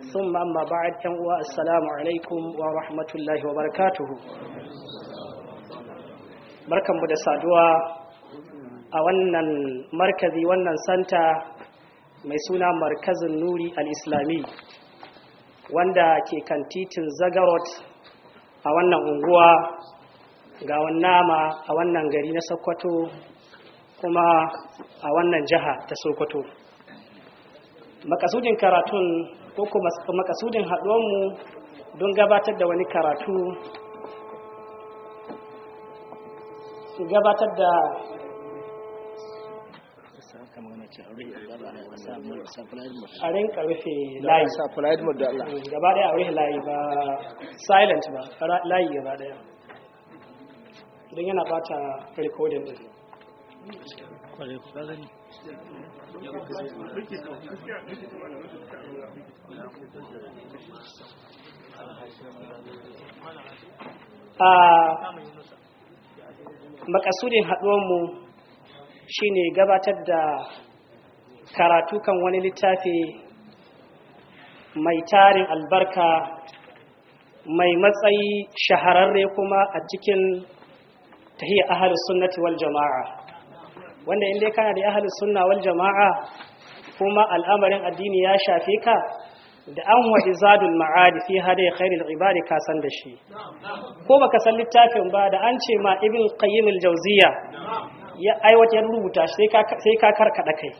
sun mamma ba a can uwa assalamu alaikum wa rahmatullahi wa barakatuhu barkanmu da saduwa a wannan markazi wannan santa mai suna markazin nuri al-islami wanda ke kan titin zagarot a wannan unguwa ga nama, a wannan gari na sokoto kuma a wannan jiha ta sokoto makasudin karatun ko kuma makasudin haɗuwanmu don gabatar da wani karatu su gabatar da a rinka rufe layi eh, gaba daya a rufe layi ba silent ba layi gaba daya don yana bata recording din kwarai ah, kuka gani makasudin haɗuwanmu shine gabatar da karatu kan wani littafi mai tarin albarka mai matsayi shahararre kuma a cikin tahiyar ahal sunnati wal jama'a wanda in dai kana da ahlus sunna wal jama'a kuma al'amarin addini ya shafe ka da an waɗi zadul ma'adi fi hada ya khairul ibadi ka san da shi ko baka san littafin ba da an ce ma ibn qayyim al-jawziya ya aiwatar rubuta shi sai ka karkada kai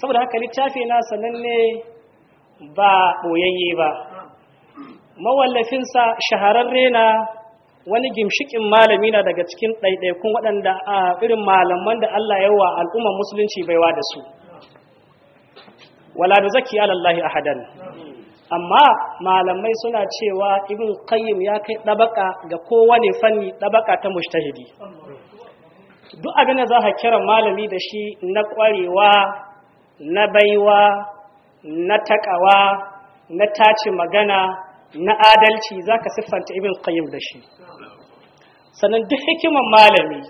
saboda haka littafi na sananne ba boyayye ba mawallafinsa shahararre na wani gimshikin malami na daga cikin ɗaiɗaikun waɗanda a irin malaman da Allah yawa al'umman musulunci baiwa da su wala da zaki alallahi ahadan amma malamai suna cewa ibin qayyim ya kai ɗabaka ga kowane fanni ɗabaka ta mushtahidi duk abin da za ka kira malami da shi na ƙwarewa na baiwa na taƙawa, na tace magana na adalci za ka siffanta ibin qayyim da shi sannan duk hikiman malami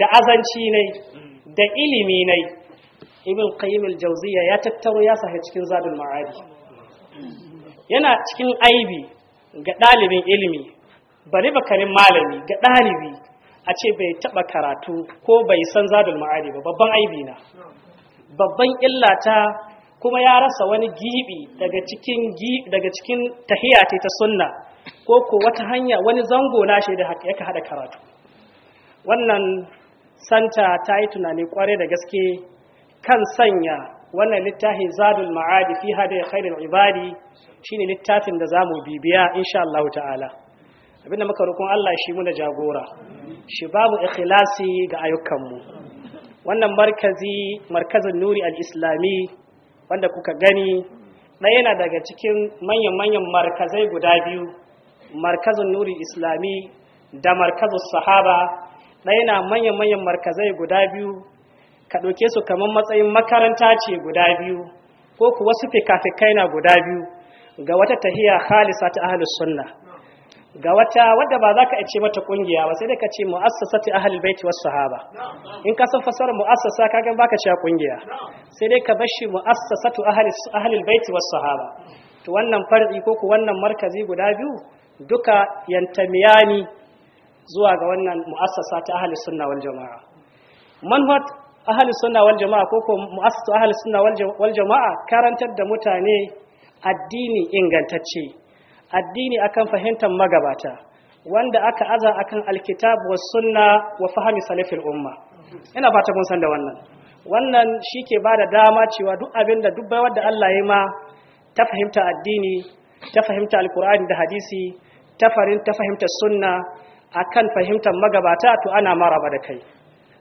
da azanci ne da ilimi ne ibn qayyim al-jawziya ya tattaro ya sahi cikin zadul ma'adi yana cikin aibi ga ɗalibin ilimi bari bakarin malami ga ɗalibi a ce bai taɓa karatu ko bai san zadul ma'adi ba babban aibi na babban illa ta kuma ya rasa wani gibi daga cikin daga cikin ta sunna ko ko wata hanya wani zango na shi da yaka hada karatu wannan santa ta yi tunani kware da gaske kan sanya wannan littafi zadul ma'adi fi hada khairul ibadi shine littafin da zamu bibiya insha Allah ta'ala abinda muka rukun Allah shi mu da jagora shi babu ikhlasi ga ayyukan mu wannan markazi markazin nuri al-islami wanda kuka gani na yana daga cikin manyan manyan markazai guda biyu markazin nuri islami da markazin sahaba ɗaya na manyan-manyan markazai guda biyu ka ɗauke su kamar matsayin makaranta ce guda biyu ko kuwa su fikafikai na guda biyu ga wata tahiya halisa ta ahalus sunna ga wata wadda ba za ka ce mata kungiya ba sai da ka ce mu'assasa ta ahalul baiti wasu sahaba in ka san fasar mu'assasa ka ga baka cewa kungiya sai dai ka bashi mu'assasa ta ahalul baiti wasu sahaba to wannan farzi ko ku wannan markazi guda biyu duka yantamiyani zuwa ga wannan mu'assasa ta ahli sunna wal jama'a manhaj ahli sunna wal jama'a ko ko mu'assasa ahli sunna wal jama'a karantar da mutane addini ingantacce addini akan fahimtar magabata wanda aka aza akan alkitab wa sunna wa fahimi salafil umma ina fata kun san da wannan wannan shike bada dama cewa duk abinda da duk baiwar Allah ya ma ta fahimta addini ta fahimta alkur'ani da hadisi ta farin ta fahimtar sunna kan fahimtar magabata to ana maraba da kai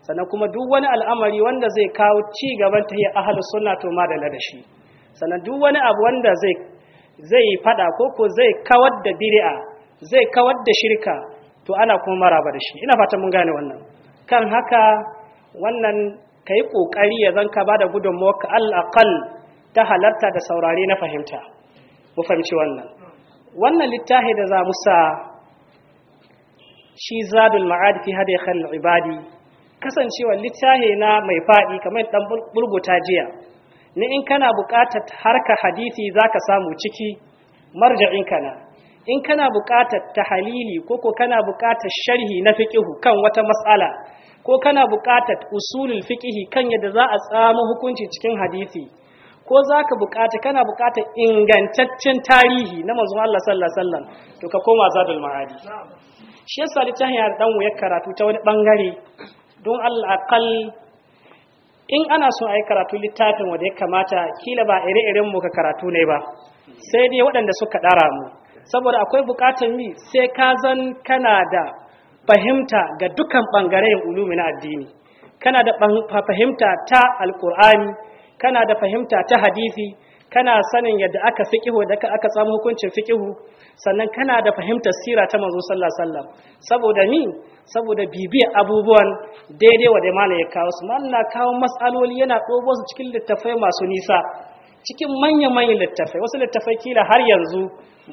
sannan kuma duk wani al'amari wanda zai kawo ci gaban ta yi ahlus sunna to ma da shi sannan duk wani abu wanda zai zai fada ko ko zai kawar da bid'a zai kawar da shirka to ana kuma maraba da shi ina fatan mun gane wannan kan haka wannan kai kokari ya zanka da gudunmuwa ka al aqal ta halarta da saurare na fahimta mu fahimci wannan wannan littafi da za mu sa shi zadul ma'ad fi ya khal ibadi kasancewa littafi na mai fadi kamar dan bulguta jiya ni in kana buƙatar harka hadisi zaka samu ciki marja'in kana in kana buƙatar tahalili ko ko kana buƙatar sharhi na fiqihu kan wata mas'ala ko kana buƙatar usulul fiqihi kan yadda za a tsamo hukunci cikin hadisi ko za ka bukata kana bukata ingantaccen tarihi na mazun Allah sallallahu alaihi wasallam to ka koma zadul ma'adi shi yasa littafin ya dan wuya karatu ta wani bangare don Allah aqal in ana so yi karatu littafin wanda ya kamata kila ba ire-iren mu ka karatu ne ba sai dai waɗanda suka dara mu saboda akwai bukatar mi sai ka zan kana da fahimta ga dukan bangaren ulumi na addini kana da fahimta ta alqur'ani kana da fahimta ta hadisi kana sanin yadda aka fiqihu da aka samu hukuncin fiqihu sannan kana da fahimtar sira ta manzo sallallahu alaihi wasallam saboda ni saboda bibiyar abubuwan daidai wa da malam ya kawo su malam na kawo mas'aloli yana dobo su cikin littafai masu nisa cikin manyan manyan littafai wasu littafai kila har yanzu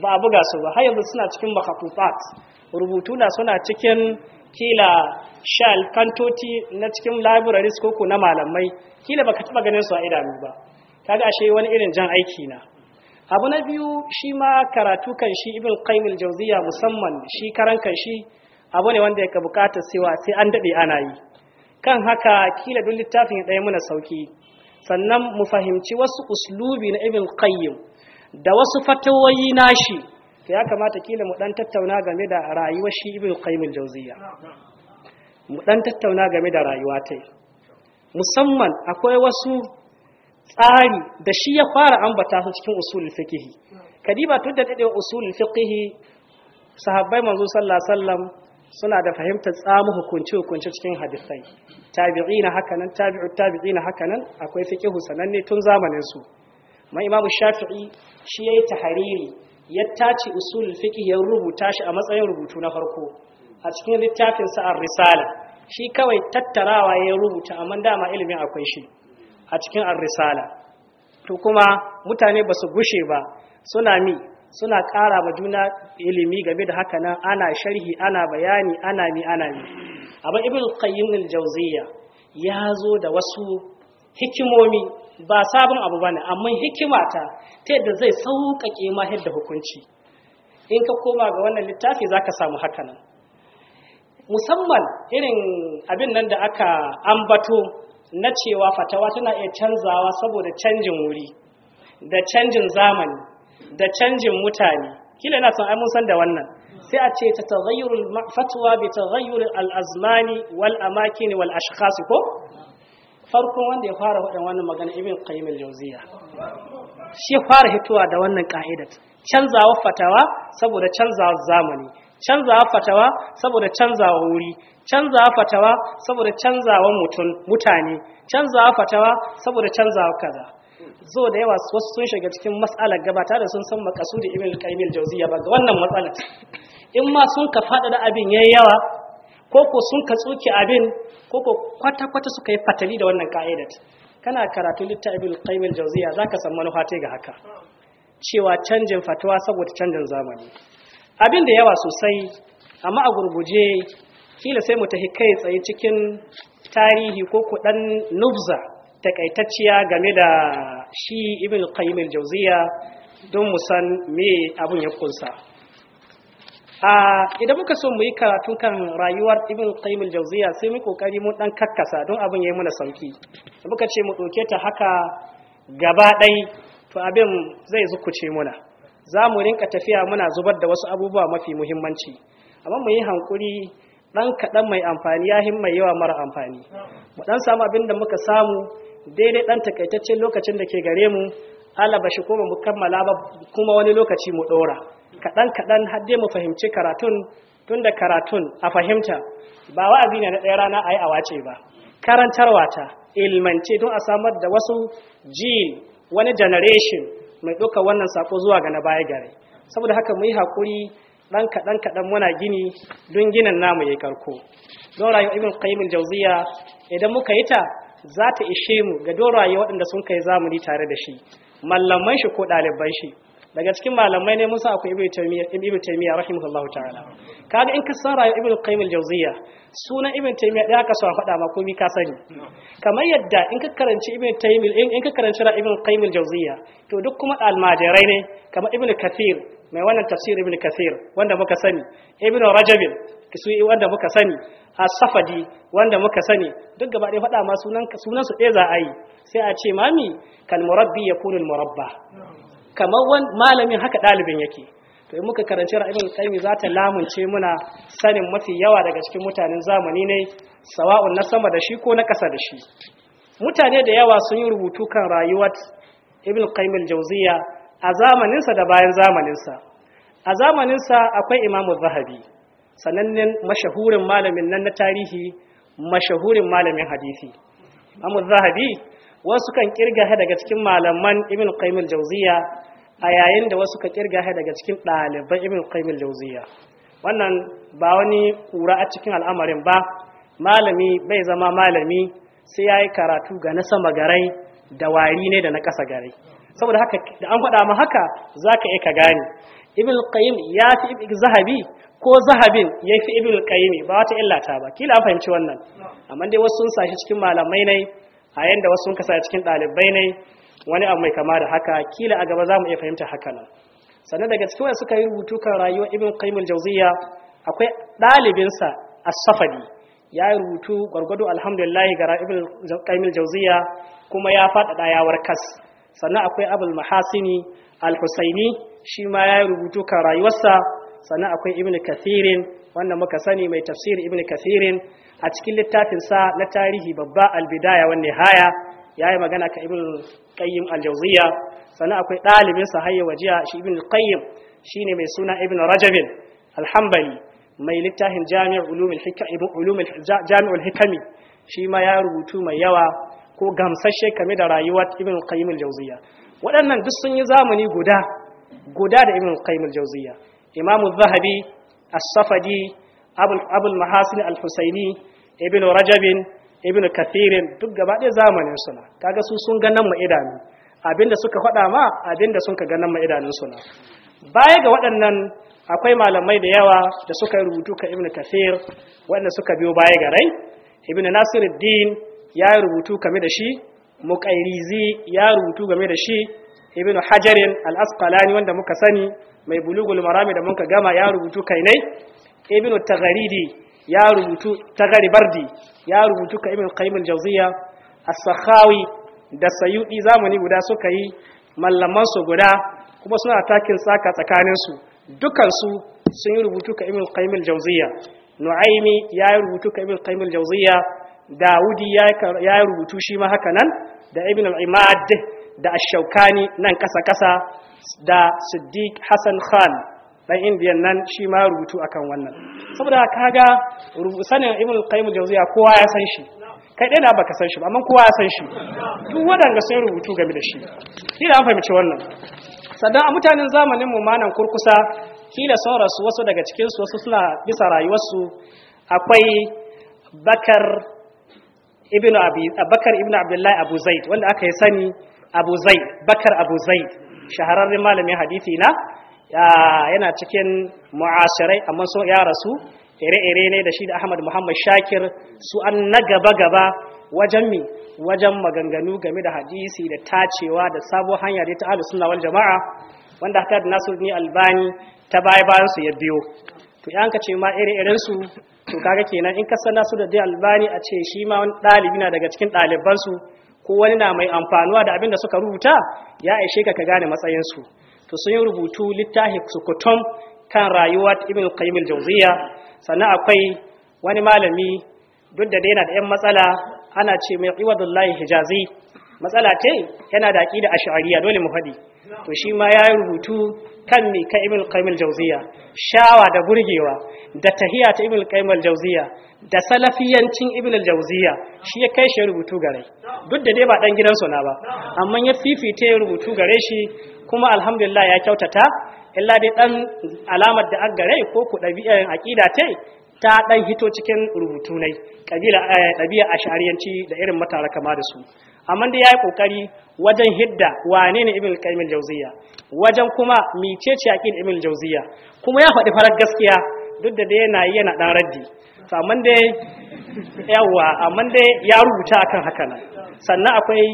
ba a buga su ba har yanzu suna cikin makhafufat rubutu na suna cikin kila shal kantoti na cikin libraries ko ko na malamai kila baka taba ganin su a idanu ba kaga ashe wani irin jan aiki na abu na biyu shi ma karatu kan shi ibn qayyim al-jawziya musamman shi karan kan shi abu ne wanda yake bukatar cewa sai an dade ana yi kan haka kila duk littafin ɗaya muna sauki sannan mu fahimci wasu uslubi na ibn qayyim da wasu fatawoyi nashi to ya kamata kila mu dan tattauna game da rayuwar shi ibn qayyim al-jawziya mu ɗan tattauna game da rayuwa ta musamman akwai wasu tsari da shi ya fara ambata su cikin usul fikihi kadiba tun da daɗewa usulun fikihi sahabbai manzo sallallahu alaihi suna da fahimtar tsamu hukunci hukunci cikin hadisai tabi'ina hakanan tabi'u tabi'ina hakanan akwai fikihu sananne tun zamanin su mai imamu shafi'i shi yayi tahariri ya tace usul fikihi ya rubuta shi a matsayin rubutu na farko a cikin littafin sa risala shi kawai tattarawa ya rubuta amma dama ilimin akwai shi a cikin ar-risala to kuma mutane ba su gushe ba suna mi suna ƙara ma juna ilimi game da haka nan ana sharhi ana bayani ana mi ana mi amma ibn qayyim al-jawziyya ya zo da wasu hikimomi ba sabon abu bane amma hikimata ta yadda zai sauƙaƙe ma yadda hukunci in ka koma ga wannan littafi zaka samu haka nan musamman irin abin nan da aka ambato na cewa fatawa tana iya canzawa saboda canjin wuri da canjin zamani da canjin mutane kila na son mun san da wannan sai a ce ta tagayyurul fatwa bi tagayyurul al-azmani wal amakin wal ashkhas ko farkon wanda ya fara wadan wannan magana ibn qayyim al-jawziya shi fara hitowa da wannan ka'idat canzawa fatawa saboda canzawa zamani canzawa fatawa saboda canzawa wuri canzawa fatawa saboda canzawa mutum mutane canzawa fatawa saboda canzawa kaza zo da yawa wasu sun shiga cikin matsalar gabata da sun san makasudi ibn al-qayyim al ba ga wannan matsalar in ma sun ka fada da abin yayi yawa ko ko sun ka tsuke abin ko ko kwata kwata suka yi fatali da wannan ka'ida kana karatu littafin ibn al zaka san manufa ga haka cewa canjin fatawa saboda canjin zamani abin da yawa sosai amma a gurguje kila sai mu tafi kai tsaye cikin tarihi ko kudan nubza takaitacciya game da shi ibn qayyim al-jawziya don mu san me abun ya kunsa a idan muka so mu yi karatu kan rayuwar ibn qayyim al-jawziya sai mu kokari mu dan kakkasa don abun yayi muna sauki muka ce mu dauke ta haka gaba dai to abin zai zukuce muna za mu rinka tafiya muna zubar da wasu abubuwa mafi muhimmanci amma mu yi hankuri ɗan kaɗan mai amfani ya mai yawa mara amfani mu ɗan samu abin da muka samu daidai ɗan takaitaccen lokacin da ke gare mu ala ba shi kuma mu kammala ba kuma wani lokaci mu ɗora kaɗan kaɗan har dai mu fahimci karatun tun da karatun a fahimta ba wa'azi ne na ɗaya rana a yi a wace ba karantarwa ta ilmance don a samar da wasu jin wani generation mai ɗauka wannan saƙo zuwa ga na baya gare saboda haka mu yi haƙuri ɗan kaɗan kaɗan muna gini don ginin namu ya karko don rayuwa ibn qayyim jauziya idan muka yi ta za ta ishe mu ga don rayuwa waɗanda sun kai zamani tare da shi mallaman shi ko ɗaliban shi daga cikin malamai ne musa akwai ibnu taymiya ibnu taymiya rahimahullahu ta'ala kaga in ka san rayuwar ibnu qayyim al-jawziyya sunan ibnu taymiya da ka so a faɗa ma komai ka sani kamar yadda in ka karanci ibnu taymiya in ka karanci ibnu qayyim al-jawziyya to duk kuma almajirai ne kamar ibnu kathir mai wannan tafsir ibnu kathir wanda muka sani ibnu rajab su wanda muka sani as-safadi wanda muka sani duk gaba ɗaya faɗa ma sunan sunan su ɗaya za a yi sai a ce mami kal murabbi yakunu al-murabba kamar wani malamin haka ɗalibin yake to in muka karanci ra'ibin qayyim za ta lamunce muna sanin mafi yawa daga cikin mutanen zamani ne sawa'un na sama da shi ko na ƙasa da shi mutane da yawa sun yi rubutu kan rayuwar ibn kaimil jauziya a zamaninsa da bayan zamaninsa a zamaninsa akwai imamu zahabi sanannen mashahurin malamin nan na tarihi mashahurin malamin hadisi imamu zahabi wasu kan kirga daga cikin malaman ibn qayyim jauziya a yayin da wasu ka kirga shi daga cikin ɗaliban ibn qayyim jauziya, wannan ba wani kura a cikin al'amarin ba malami bai zama malami sai yayi karatu ga na sama garai da wari ne da na ƙasa garai saboda haka da an faɗa ma haka zaka iya ka gane ibn qayyim ya fi zahabi ko zahabin ya fi ibn qayyim ba wata illata ba kila an fahimci wannan amma dai wasu sun sashi cikin malamai ne a yadda wasu sun kasa cikin ɗalibai ne wani abu mai kama da haka kila a gaba za mu iya fahimta haka nan sannan daga cikin wanda suka yi rubutu kan rayuwar ibn qayyim jawziya akwai ɗalibinsa as-safadi ya yi rubutu gwargwado alhamdulillah ga ibn qayyim jawziya kuma ya faɗaɗa yawar kas sannan akwai abul mahasini al-husaini shi ma ya yi rubutu kan rayuwarsa sannan akwai ibn kathirin wanda muka sani mai tafsir ibn kathirin a cikin littafinsa na tarihi babba al-bidaya wan haya. yi magana ka ibn qayyim al-jawziya sannan akwai dalibin sa hayya wajiya shi ibn qayyim shine mai suna ibn rajab al-hanbali mai littafin jami'ul ulumul hikam ibn jami'ul hikami shi ma ya rubutu mai yawa ko gamsashe kame da rayuwar ibn qayyim al-jawziya waɗannan duk sun yi zamani guda guda da ibn qayyim al-jawziya imamu zahabi as-safadi abul abul mahasin al-husaini ibn rajab ibn kathirin duk gaba ɗaya zamanin suna kaga su sun ganan ma idanu abinda suka faɗa ma abinda sun ka ganan ma idanun suna baya ga waɗannan akwai malamai da yawa da suka yi rubutu ka ibn kathir waɗanda suka biyo baya ga rai ibn nasiruddin ya yi rubutu game da shi muƙairizi ya rubutu game da shi ibn hajarin al-asqalani wanda muka sani mai bulugul marami da muka gama ya rubutu kainai ibn tagharidi ya rubutu tagari bardi ya rubutu ka ibn qayyim al-jawziya sakhawi da sayuɗi zamani guda suka yi mallamansu guda kuma suna takin saka tsakaninsu dukansu sun yi rubutu ka ibn qayyim nu'aimi ya yi rubutu ka ibn qayyim dawudi ya yi rubutu shi ma haka nan da ibn al da Ashaukani nan ƙasa-ƙasa da siddiq Hassan khan dan indiyan nan shi ma rubutu akan wannan saboda kaga sanin ibn qayyim jawziya kowa ya san shi kai dai na baka san shi ba amma kowa ya san shi duk wadanda sun rubutu game da shi da an fahimci wannan sannan a mutanen zamanin mu manan kurkusa kila sun rasu wasu daga cikin su wasu suna bisa rayuwarsu akwai bakar ibn abi bakar ibnu abdullahi abu zaid wanda aka yi sani abu zaid bakar abu zaid shahararren malamin hadisi na yana cikin mu'asirai amma so ya rasu ire-ire ne da shi da Ahmad Muhammad Shakir su an na gaba-gaba wajen mi wajen maganganu game da hadisi da tacewa da sabon hanyar da ta ahlus sunna wal jama'a wanda nasir ni Albani ta baya bayan su ya biyo to yan ka ce ma ire-iren su to kaga kenan in ka san Nasiruddin Albani a ce shi ma wani dalibi na daga cikin ɗalibansu ko wani na mai amfanuwa da abin da suka rubuta ya aishe ka ka gane matsayin su to sun yi rubutu littafi sukutum kan rayuwa ibn qayyim al-jawziya sannan akwai wani malami duk da yana da yan matsala ana ce mai iwadullahi hijazi matsala ce yana da aqida ash'ariyya dole mu haɗi. to shi ma yayi rubutu kan mi ka ibn qayyim al-jawziya shawa da burgewa da tahiya ta ibn qayyim al-jawziya da salafiyancin ibn al-jawziya shi ya kai shi rubutu gare duk da dai ba dan gidansu na ba amma ya fifita rubutu gare shi kuma alhamdulillah ya kyautata illa dai dan alamar da an gare ko ku ɗabi'ar eh, aƙida ta ta dan hito cikin rubutu ne kabila eh, ɗabi'a ashariyanci da irin matara kama da su amma dai yayi kokari wajen hidda wane ne ibn qayyim al wajen kuma micece yaqin ibn al-jawziya kuma ya faɗi farar gaskiya duk da dai yana yana dan raddi amma dai yawa amma dai ya rubuta akan haka nan sannan akwai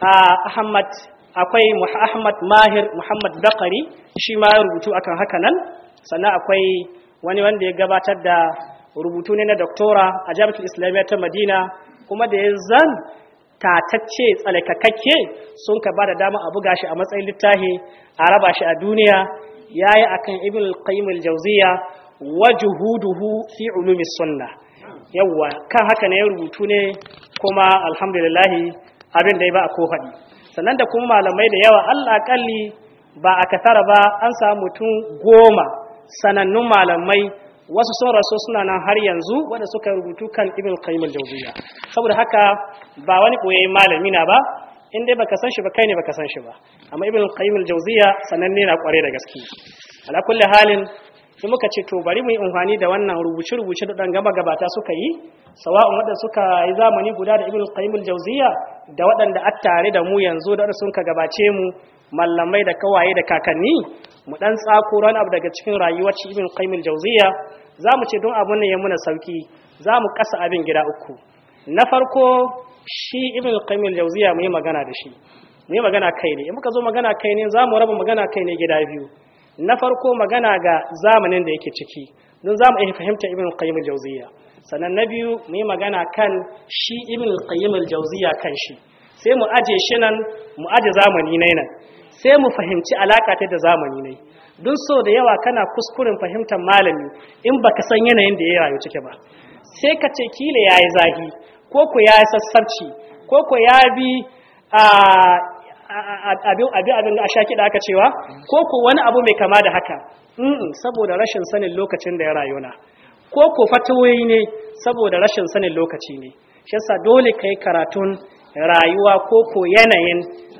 ah, Ahmad akwai Ahmad Mahir Muhammad Bakari shi ma ya rubutu akan haka nan sannan akwai wani wanda ya gabatar da rubutu ne na doktora a Jami'atul Islamiyya ta Madina kuma da ya zan tatacce tsalakakakke sun ka bada dama a buga shi a matsayin littafi a raba shi a duniya yayi akan Ibn Qayyim al-Jawziyya wajhuduhu fi ulumi sunnah yawwa kan haka ne ya rubutu ne kuma alhamdulillah abin da ya ba a ko faɗi sannan da kuma malamai da yawa allah kalli ba a katara ba an samu mutum goma sanannun malamai wasu sun rasu suna nan har yanzu wadda suka rubutu kan ibin qayyim al saboda haka ba wani koyayyen malami na ba in dai baka san shi ba kai ne baka san shi ba amma ibin qayyim al-jawziyya sananne na kware da gaske ala kulli halin sai muka ce to bari mu yi amfani da wannan rubuce-rubuce da dan gaba gabata suka yi sawa'un waɗanda suka yi zamani guda da ibnu qayyim al-jawziya da waɗanda a tare da mu yanzu da sun ka gabace mu mallamai da kawaye da kakanni mu dan tsako ran abu daga cikin rayuwar shi ibnu qayyim al-jawziya zamu ce don abun nan ya muna sauki zamu kasa abin gida uku na farko shi ibnu qayyim al-jawziya mu yi magana da shi mu yi magana kai ne in muka zo magana kai ne zamu raba magana kai ne gida biyu na farko magana ga zamanin da yake ciki don za mu iya fahimta ibn qayyim al-jawziya sannan na biyu mu yi magana kan shi ibn qayyim al-jawziya kan shi sai mu aje shi nan mu aje zamani ne nan sai mu fahimci alaka ta da zamani ne don so da yawa kana kuskuren fahimtar malami in baka san yanayin da ya rayu ciki ba sai ka ce kila yayi zahi ko ku yayi sassarci ko ku ya bi a ah, abin abin da a sha kiɗa aka cewa ko ko wani abu mai kama da haka saboda rashin sanin lokacin da ya rayuna ko ko fatawoyi ne saboda rashin sanin lokaci ne shi yasa dole yi karatun rayuwa ko ko yanayin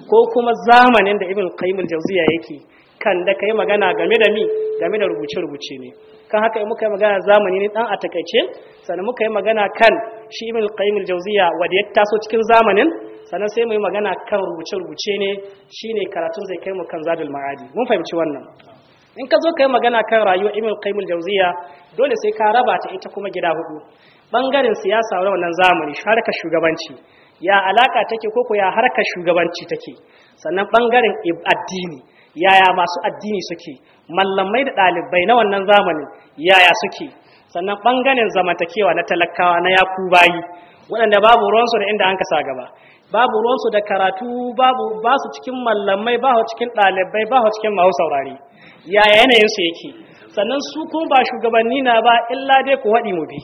ko kuma zamanin da ibn qayyim al-jawziya yake kan da kai magana game da mi game da rubuce-rubuce ne kan haka muka yi magana zamani ne dan a takaice sannan muka yi magana kan shi ibn qayyim al-jawziya ya taso cikin zamanin sannan sai mu yi magana kan rubuce-rubuce ne shi ne karatun zai kai mu kan zadul ma'adi mun fahimci wannan in ka zo ka yi magana kan rayuwar Imin kaimul jauziya dole sai ka raba ta ita kuma gida hudu bangaren siyasa a wannan zamani harkar shugabanci ya alaka take koko ya harkar shugabanci take sannan bangaren addini yaya masu addini suke mallamai da ɗalibai na wannan zamani, yaya suke sannan bangaren zamantakewa na talakawa na yaku bayi waɗanda babu ruwansu da inda an kasa gaba babu ruwansu da karatu babu ba su cikin mallamai ba su cikin ɗalibai ba su cikin mahu saurari yaya yanayinsu yake sannan su kuma ba shugabanni na ba illa dai ku waɗi mu bi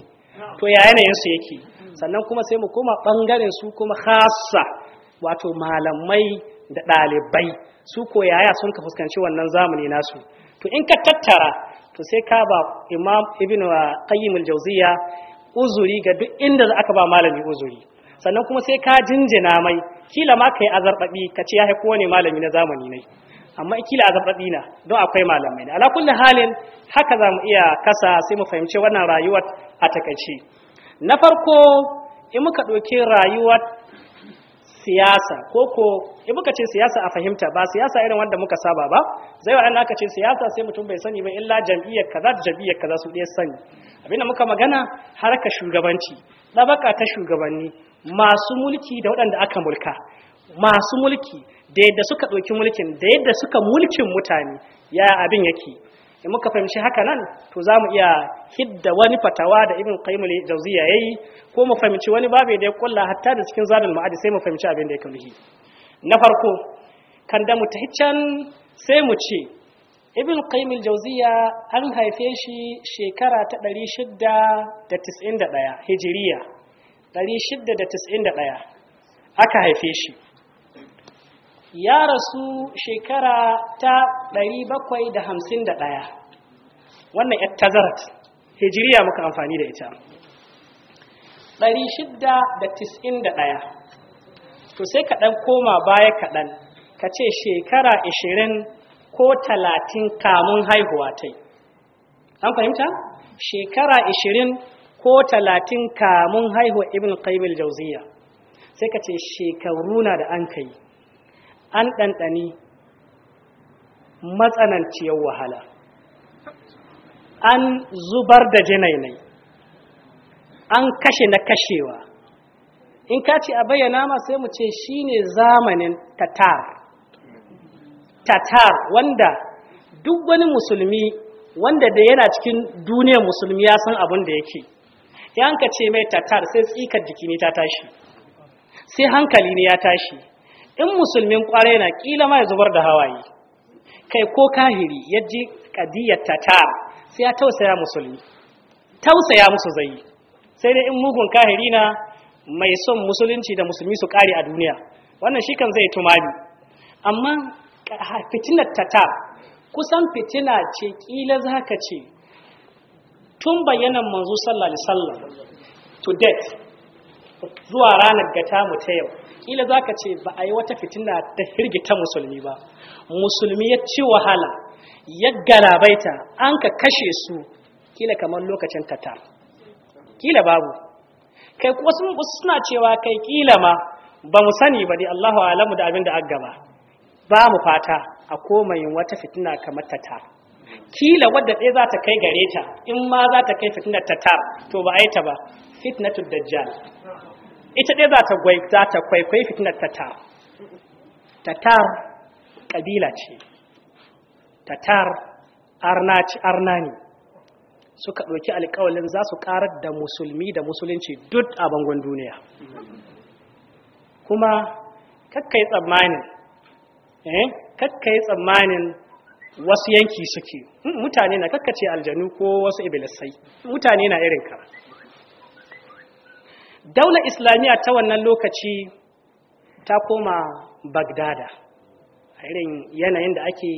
to ya yanayinsu yake sannan kuma sai mu koma ɓangaren su kuma hasa, wato malamai da ɗalibai su ko yaya sun ka fuskanci wannan zamani nasu to in ka tattara to sai ka ba imam ibn qayyim al-jawziya uzuri ga duk inda za aka ba malami uzuri sannan kuma sai ka jinjina mai kila ma kai azarbabi ka ce ya ne malami na zamani ne amma kila azarbabi na don akwai malamai ne ala kulli halin haka zamu iya kasa sai mu fahimci wannan rayuwar a takaice na farko in muka ɗauki rayuwar siyasa ko in muka ce siyasa a fahimta ba siyasa irin wanda muka saba ba zai waɗanda aka ce siyasa sai mutum bai sani ba illa jam'iyyar kaza da jam'iyyar kaza su ɗaya sani abinda muka magana harka shugabanci ɗabaka ta shugabanni masu mulki da waɗanda aka mulka masu mulki da yadda suka ɗauki mulkin da yadda suka mulkin mutane ya abin yake in muka fahimci haka nan to za mu iya hidda wani fatawa da ibn kaimul Jauziya ya yi, ko mu fahimci wani babu da ya kulla hatta da cikin zadul ma'adi sai mu fahimci abin da ya kamuhi na farko kan da mu can sai mu ce ibin kaimul Jauziya an haife shi shekara ta 691 hijiriya 1691 aka haife shi ya rasu shekara ta 751 wannan yar tazarat hijiriya muka amfani da ita 1691 to sai kaɗan koma baya kaɗan ka ce shekara 20 ko 30 kamun haihuwa ta an fahimta shekara ko talatin kamun haihuwar ibn qayyim jauziya sai ka ce shekaru na da an kai an ɗanɗani matsananciyar wahala an zubar da jinainai an kashe na kashewa in ka ce a bayyana ma sai mu ce shi ne zamanin tatar tatar wanda duk wani musulmi wanda da yana cikin duniyar musulmi ya san abin da yake sai ka ce mai tatar sai tsikar jiki ne ta tashi sai hankali ne ya tashi in musulmin ƙwarai na kila ma ya zubar da hawaye kai ko kahiri ya ji kadiyar tatar sai ya tausaya musulmi tausaya musu zai sai dai in mugun kahiri na mai son musulunci da musulmi su kare a duniya wannan shi kan zai tumami amma fitinar tatar kusan fitina ce kila za ka ce tun bayyanan manzo sallallahu alaihi wasallam to death, zuwa ranar gata mu ta yau kila zaka ce ba a yi wata fitina ta hirgita musulmi ba musulmi ya ci wahala ya galabaita an ka kashe su kila kamar lokacin tata kila babu kai sun suna cewa kai kila ma ba mu sani ba dai Allahu alamu da abin da aggaba ba mu fata a komai wata fitina kamar tatar kila wadda ɗaya za ta kai gare ta in ma za ta kai fitnar tar to ba a yi ta ba fitnatul dajjal ita ɗaya za ta gwai za ta kwaikwai fitnar ta tar kabila ce tatar arna ci arna ne suka ɗauki alkawalin za su ƙarar da musulmi da musulunci duk a bangon duniya kuma kakkai tsammanin eh kakkai tsammanin wasu yanki suke hmm, mutane na kakkace aljanu ko wasu ibilisai mutane na irin ka daular islamiyya ta wannan lokaci ta koma bagdada a irin yanayin da ake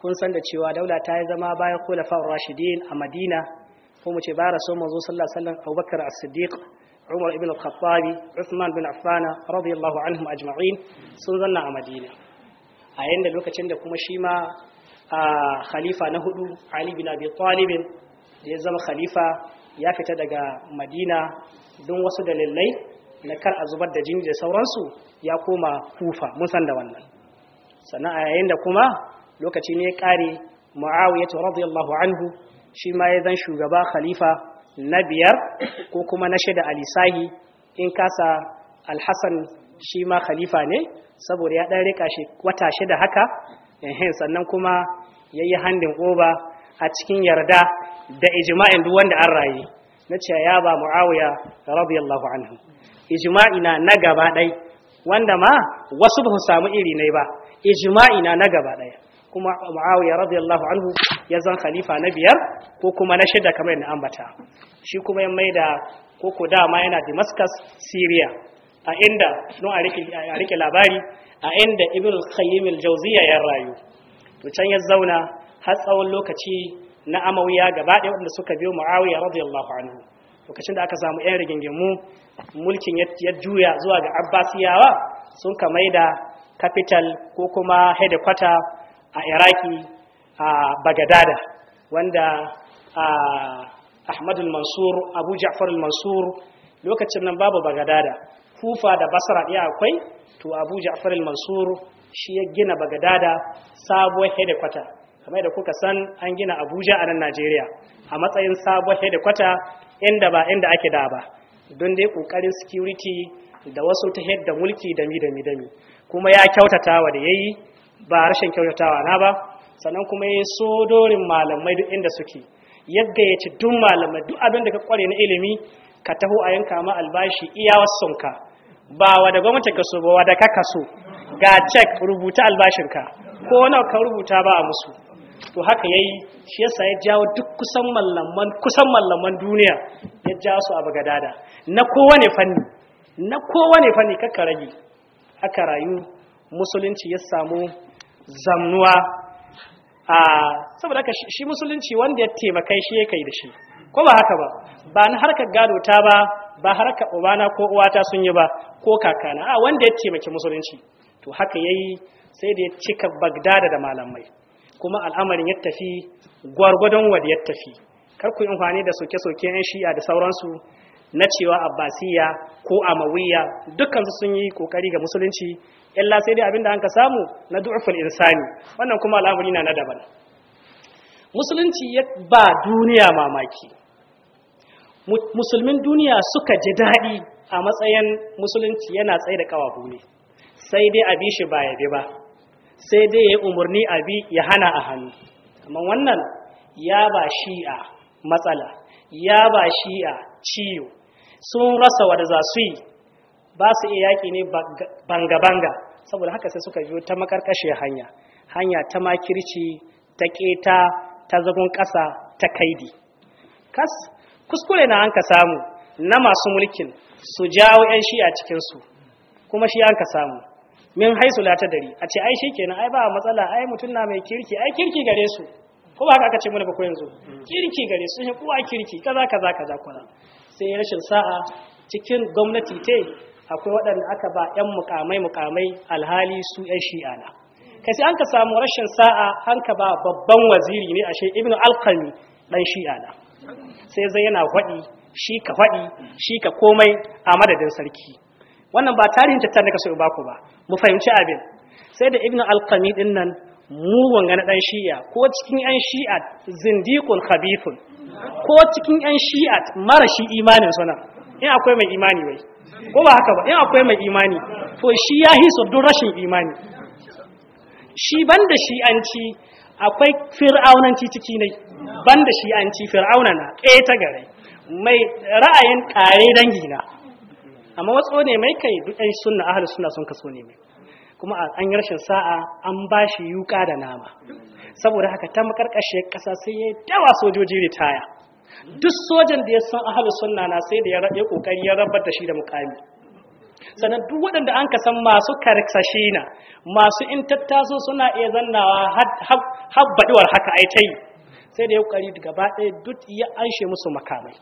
kun san da cewa daula ta yi zama bayan fa'ar rashidin a madina ko mu ce bayan rasul manzo sallallahu abubakar as-siddiq umar ibn al-khattabi usman bin affan radiyallahu anhu ajma'in sun zanna a madina a yayin da lokacin da kuma shi ma a khalifa na hudu ali bin abi talibin da ya zama khalifa ya fita daga madina don wasu dalilai na kar a zubar da jini da sauransu ya koma kufa mun san da wannan sannan a yayin da kuma lokaci ne ya kare muawiya radiyallahu anhu shi ma ya zan shugaba khalifa na biyar ko kuma na shida alisahi in kasa alhassan shi ma khalifa ne saboda ya dan rika shi wata shida haka sannan kuma ya yi handin oba a cikin yarda da ijma'in duk wanda an rayu na cewa ya ba mu'awiya radiyallahu anhu ijima'i na na gaba ɗai wanda ma wasu ba su samu iri ne ba ijima'i na na gaba ɗaya kuma mu'awiya radiyallahu anhu ya zan khalifa na biyar ko kuma na shida kamar yadda ambata shi kuma ya maida ko ko dama yana Damascus Syria a inda nun a rike labari a inda ibn al-qayyim ya rayu to can ya zauna har tsawon lokaci na amawiya gaba ɗaya wanda suka biyo muawiya radiyallahu anhu lokacin da aka samu yan rigingimu mulkin ya juya zuwa ga abbasiyawa sun ka maida capital ko kuma headquarter a iraki a bagadada wanda ahmad al-mansur abu ja'far al-mansur lokacin nan babu bagadada kufa da basra ɗaya akwai to abu ja'far al-mansur shi ya gina bagadada sabuwar hedekwata kamar da kuka san an gina abuja a nan najeriya a matsayin sabuwar hedekwata inda ba inda ake da ba don dai kokarin security da wasu ta hedda mulki dami dami dami kuma ya kyautatawa da yayi ba rashin kyautatawa na ba sannan kuma ya so dorin malamai duk inda suke yadda ya ci duk malamai duk abin da ka kware na ilimi ka taho a yanka ma albashi iya wasu ba da gwamnati ka so ba wada ka kaso ga cek rubuta albashinka ko wani ka rubuta ba a musu to haka yayi shi yasa ya jawo duk kusan mallaman kusan mallaman duniya ya jawo su a bagadada na kowane fanni na kowane fanni kakka rage aka rayu musulunci ya samu zamnuwa a saboda haka shi musulunci wanda ya taimakai shi ya da shi ko ba haka ba ba na harkar gado ta ba ba harka ubana ko uwata sun yi ba ko kakana a wanda ya taimaki musulunci to haka yayi sai da ya cika bagdada da malamai kuma al'amarin ya tafi gwargwadon wanda ya tafi kar ku yi amfani da soke-soke yan shi'a da sauransu na cewa abbasiya ko amawiya dukkan su sun yi kokari ga musulunci illa sai dai abinda an ka samu na duful insani wannan kuma al'amari na na daban musulunci ya ba duniya mamaki musulmin duniya suka ji daɗi a matsayin musulunci yana tsaye da kawabu ne sai dai a bi shi ba yabe ba sai dai ya umarni a bi ya hana a hannu amma wannan ya ba a matsala ya ba a ciyo sun rasa wadda za su yi ba su iya yaƙi ne banga-banga saboda haka sai suka biyo ta makarkashe hanya hanya ta makirci ta ƙeta, ta zagon ƙasa ta kaidi kas kuskure na an ka samu na masu mulkin su jawo 'yan a cikinsu kuma shi an ka samu min haisu lata dari a ce ai shi kenan ai ba matsala ai mutum na mai kirki ai kirki gare su ko ba haka ce mana ba ko yanzu kirki gare su kuwa kirki kaza kaza kaza kaza sai rashin sa'a cikin gwamnati te akwai waɗanda aka ba 'yan mukamai mukamai alhali su 'yan shi'a na kasi an ka samu rashin sa'a an ka ba babban waziri ne ashe ibnu alkami dan shi'a na sai zai yana faɗi shi ka faɗi shi ka komai a madadin sarki wannan ba tarihin tattalin da kaso ba ku ba mu fahimci abin sai da ibnu alqami din nan mu wanga na ɗan shi'a ko cikin yan shi'a Zindikun khabithun ko cikin yan shi'a mara shi imanin suna in akwai mai imani wai ko ba haka ba in akwai mai imani to shi ya hiso don rashin imani shi banda shi'anci akwai fir'aunanci ciki ne banda shi an ci fir'auna na ƙeta gare mai ra'ayin ƙare dangi na amma watso ne mai kai duk ɗan sunna ahalus suna sun kaso ne mai kuma an yi rashin sa'a an ba shi yuka da nama saboda haka ta makarkashe ƙasa sai ya dawa sojoji ritaya duk sojan da ya san ahalus sunna na sai da ya rabe kokari ya rabar da shi da mukami sannan duk waɗanda an ka san masu karkashe na masu in tattaso suna iya zannawa habbaɗuwar haka ai ta yi sai da ya kokari gaba ɗaya duk ya anshe musu makamai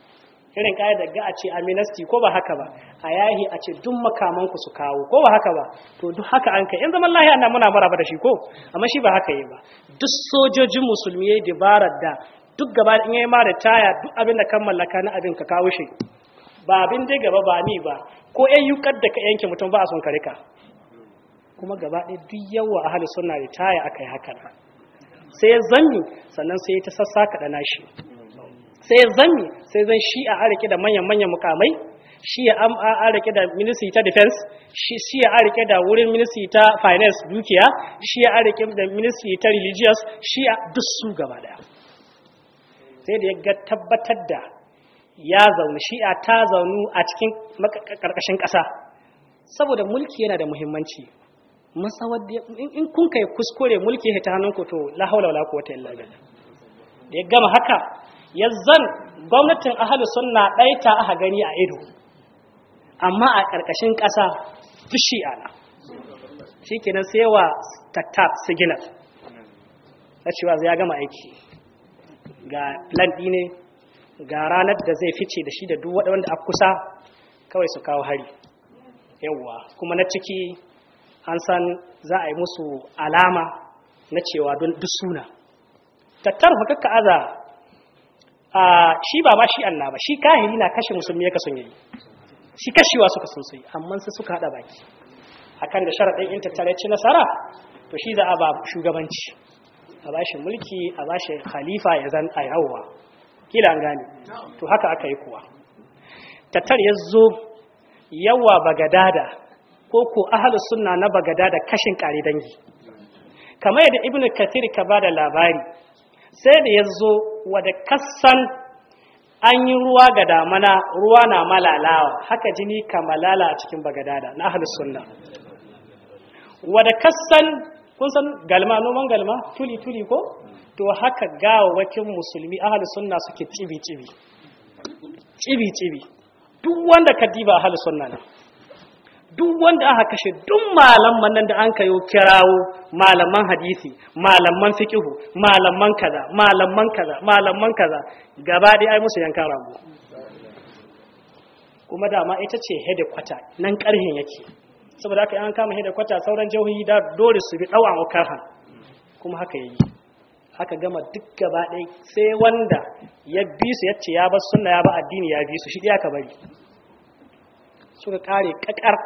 irin kayan daga a ce aminasti ko ba haka ba a yahi a ce duk makaman su kawo ko ba haka ba to duk haka an kai in zama lahiya na muna maraba da shi ko amma shi ba haka yi ba duk sojojin musulmi ya yi dabarar da duk gaba in yi mara taya duk abin da kan mallaka na abin ka kawo shi ba abin dai gaba ba ni ba ko ayyukan da ka yanke mutum ba a son ka kuma gaba ɗaya duk yawa ahli suna ritaya yi haka sai ya zami sannan sai ya ta sassaka da nashi sai ya zami sai zan shi a arike da manyan manyan mukamai shi ya am a arike da ministry ta defense shi ya arike da wurin ministry ta finance dukiya shi ya arike da ministry ta religious shi ya duk su gaba daya sai da ya tabbatar da ya zaune shi'a ta zaunu a cikin karkashin ƙasa saboda mulki yana da muhimmanci masawar in kun kai kuskure mulki ta hannunku to la haula wala quwwata illa billah da ya gama haka yanzan gwamnatin ahlus sunna ɗaita ta aka gani a ido amma a ƙarƙashin ƙasa fushi ana shikenan sai wa tattab signal na wa zai gama aiki ga plan ne ga ranar da zai fice da shi da duk waɗanda a kusa kawai su kawo hari yawwa kuma na ciki an san za a yi musu alama na cewa don duk suna tattar hukakka aza shi ba ma shi Allah ba shi kahiri na kashe musulmi ya kasan yayi shi kashewa suka sun sai amma sai suka hada baki A kan da sharaɗin in tattare ci nasara to shi za a ba shugabanci a ba shi mulki a ba shi khalifa ya zan a yawa kila an gane to haka aka yi kuwa tattar ya zo yawa da. ko ko ahalus sunna na bagada da kashin kare dangi kamar yadda ibnu kathir ka bada labari sai da yazo wada kassan an yi ruwa ga damana ruwa na malalawa haka jini ka malala a cikin bagadada na ahalus sunna wada kassan kun san galma noman galma tuli tuli ko to haka gawawakin musulmi ahalus sunna suke cibi cibi cibi cibi duk wanda ka diba ahalus sunna ne duk wanda aka kashe duk malaman nan da an kayo kirawo malaman hadisi malaman fiqhu malaman kaza malaman kaza malaman kaza gaba dai ai musu yankan rago kuma dama ita ce headquarter nan karhin yake saboda haka an kama headquarter sauran jahohi da dole su bi dawa wa karhan kuma haka yayi haka gama duk gaba ɗaya sai wanda ya bi su yace ya bar sunna ya ba addini ya bi su shi ɗaya ka bari suka kare kakar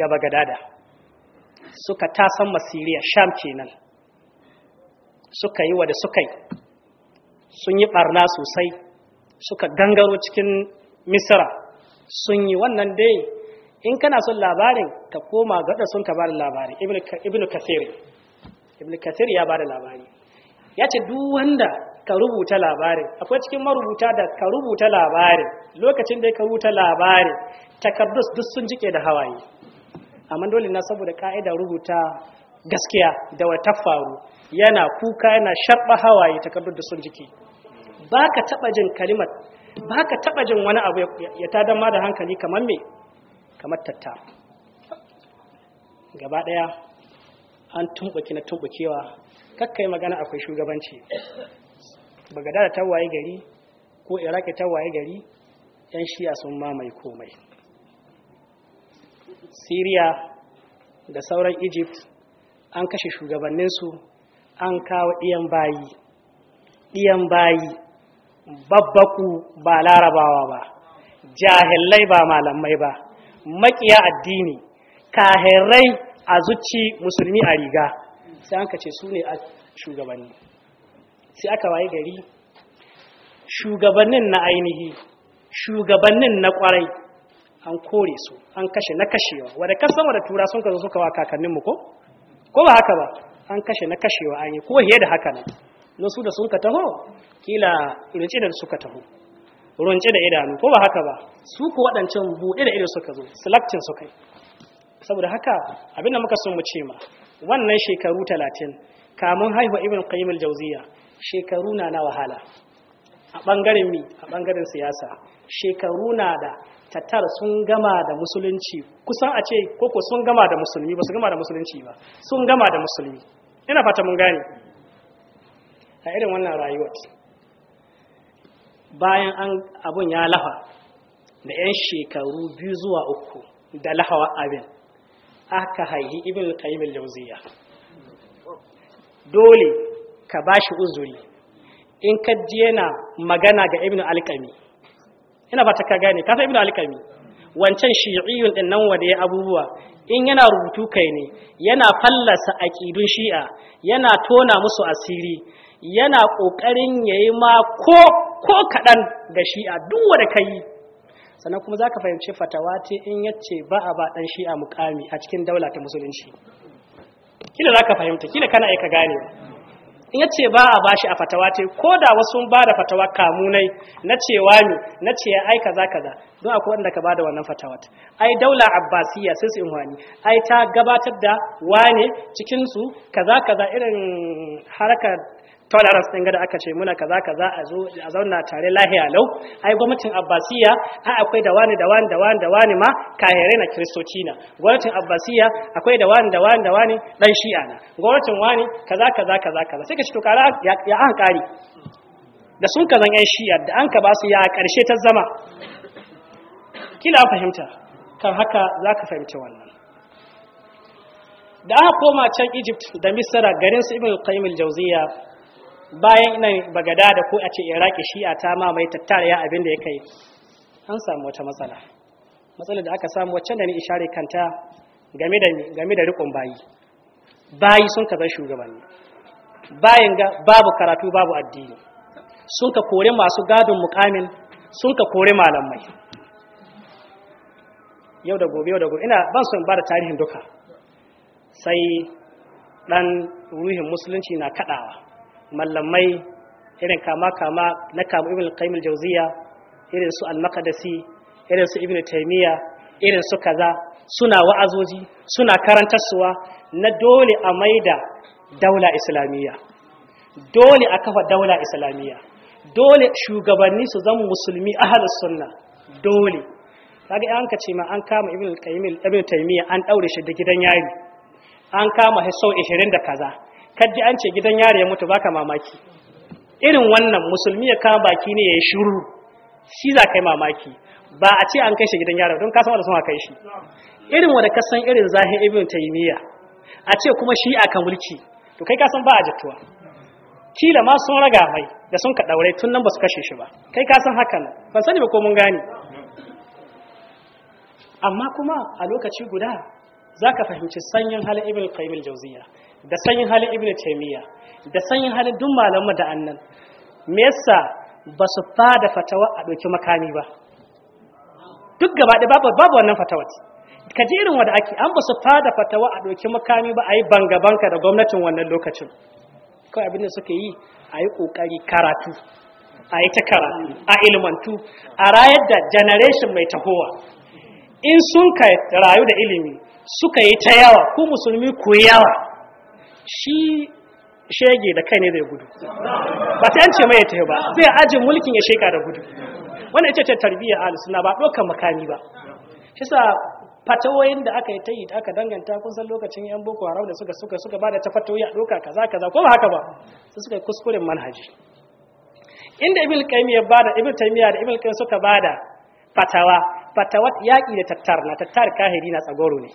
gaba gada da suka tasan masiriya sham kenan suka yi wa da suka yi sun yi barna sosai suka gangaro cikin misira sun yi wannan dai in kana son labarin ka koma da sun ka bada labari ibnu kathir ibnu kathir ya ba labari ya ce duk wanda ka rubuta labarin akwai cikin marubuta da ka rubuta labarin lokacin da ka rubuta labarin takardus duk sun jike da hawaye amma dole na saboda ka'ida rubuta gaskiya da wata faru yana kuka yana sharba hawaye takardar da sun jiki ba ka taɓa jin kalimar ba ka taɓa jin wani abu ya ta dama da hankali kamar me kamar tatta gaba ɗaya an tumɓuki na tumɓukewa kakkai magana akwai shugabanci bagada da tawaye gari ko iraki tawaye gari yan shiya sun mamaye komai syria da sauran egypt an kashe shugabanninsu an kawo ɗiyan bayi iyan bayi babbaku ba larabawa ba jahillai ba malamai ba makiya addini kahirai a zuci musulmi a riga sai an kace su ne a shugabanni sai aka waye gari shugabannin na ainihi shugabannin na kwarai an kore su an kashe na kashewa wadda kasan wadda tura sun kazo suka wa kakanninmu ko ko ba haka ba an kashe na kashewa an yi ko hiyar da haka nan na su da sun ka taho kila runce da suka taho runce da idanu ko ba haka ba su ko waɗancan buɗe da ido suka zo selectin su yi saboda haka abinda muka son mu ce ma wannan shekaru talatin kamun haihuwa ibn qayyim al-jawziya shekaru na na wahala a ɓangaren mi a ɓangaren siyasa shekaru na da tatar sun gama da musulunci kusan a ce koko sun gama da musulmi ba su gama da musulunci ba sun gama da musulmi ina fata mun gane a irin wannan rayuwar bayan an abun ya lafa da 'yan shekaru biyu zuwa uku da lahawa abin aka haihi ibin qayyim dole ka bashi uzuri in ka yana magana ga ibin alkami ina fata ka gane ka san ibnu alkami wancan shi'iyun din nan da ya abubuwa in yana rubutu kai ne yana fallasa aqidun shi'a yana tona musu asiri yana kokarin yayi ma ko ko kadan ga shi'a duk wanda kai sannan kuma zaka fahimci fatawa ce in yace ba a ba dan shi'a mukami a cikin daula ta musulunci kila zaka fahimta kila kana aika gane in ya ce ba a bashi a fatawa ta ko da wasu ba da fatawa kamunai na cewa ne na ce ai kaza kaza don akwai wanda ka ba da wannan fatawa ai daula abbasiya sai su inwani ai ta gabatar da wane cikin su kaza kaza irin harakar tolerance ɗin gada aka ce muna kaza kaza a zo a zauna tare lahiya lau ai gwamnatin abbasiya ai akwai da wani da wani da wani da wani ma kahere na kiristoci na gwamnatin abbasiya akwai da wani da wani da wani dan shi'a na gwamnatin wani kaza kaza kaza kaza sai ka ci to kara ya an kare da sun kazan yan shi'a da an ka ba su ya karshe ta zama kila fahimta kan haka zaka fahimci wannan da aka koma can Egypt da Misra garin su Ibn Qayyim al-Jawziyya bayan nan bagada da ko a ce iraki shi'a ta mamaye tattara ya abin da ya kai an samu wata matsala matsala da aka samu wacce da ni ishare kanta game da game rikon bayi bayi sun kaza shugabanni bayan ga babu karatu babu addini sun ka kore masu gadon mukamin sun ka kore malamai yau da gobe yau da gobe ina ban son ba da tarihin duka sai dan ruhin musulunci na kadawa mallamai irin kama kama na kama ibn qayyim al-jawziya irin su al-maqdisi irin su ibn taymiya irin su kaza suna wa'azoji suna karantarsuwa na dole a maida daula islamiyya dole a kafa daula islamiyya dole shugabanni su zama musulmi ahlus sunna dole kaga an ka ce ma an kama ibn qayyim ibn taymiya an daure shi da gidan yari an kama shi sau 20 da kaza kaji an ce gidan yare ya mutu baka mamaki irin wannan musulmi ya kama baki ne ya shiru shi za ka yi mamaki ba a ce an kai shi gidan yare don ka san wanda sun kai shi irin wanda ka san irin zahin ibn taymiya a ce kuma shi a kan mulki to kai ka san ba a jituwa kila ma sun raga mai da sun ka daure tun nan ba su kashe shi ba kai ka san hakan ban sani ba ko mun gane amma kuma a lokaci guda za ka fahimci sanyin halin ibn qayyim al-jawziya da sanyin halin ibn taimiyya da sanyin halin duk malamu da annan mesa ba su fada fatawa a ɗauki makami ba duk gaba da babu wannan fatawar ka ji irin wanda ake an ba su fada fatawa a ɗauki makami ba a yi banga-banka da gwamnatin wannan lokacin kawai abin da suka yi a yi ƙoƙari karatu a yi ta karatu a ilimantu, a rayar da generation mai tahowa in sun ka rayu da ilimi suka yi ta yawa ku musulmi ku yawa shi shege da kai ne zai gudu ba ta yance mai ta ba zai ajin mulkin ya sheka da gudu wannan ita ce tarbiyyar alisuna ba ɗaukar makami ba shi sa fatawoyin da aka yi ta yi aka danganta kun san lokacin yan boko haram da suka suka suka ba da ta fatawoyi a ɗauka kaza kaza ko ba haka ba su suka kuskuren manhaji inda ibn kaimi ya bada ibn taymiya da ibn kaimi suka bada fatawa fatawa yaki da tattar na tattar kahiri na tsagoro ne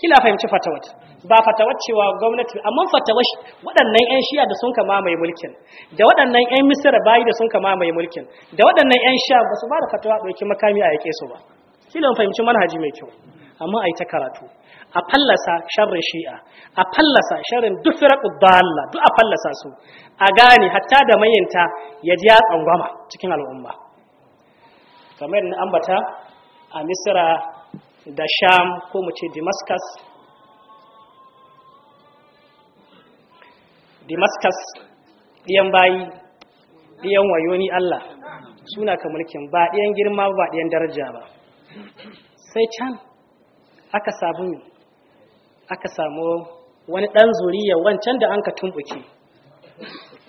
kila fahimci fatawat ba fatawat cewa gwamnati amma fatawat waɗannan 'yan shiya da sun ka mamaye mulkin da waɗannan 'yan misira bayi da sun ka mamaye mulkin da waɗannan 'yan sha ba su ba da fatawa ɗauki makami a yake su ba kila fahimci manhaji mai kyau amma a yi ta karatu a fallasa sharrin shi'a a fallasa sharrin duk firaƙu dalla duk a fallasa su a gane hatta da mayinta ya ji ya tsangwama cikin al'umma kamar yadda ambata a misira da sham ko mu ce damascus damascus ɗiyan bayi ɗiyan wayoni allah suna ka mulkin ba ɗiyan girma ba ɗiyan daraja ba sai can aka samu aka samu wani ɗan zuriya wancan da an ka tumɓuke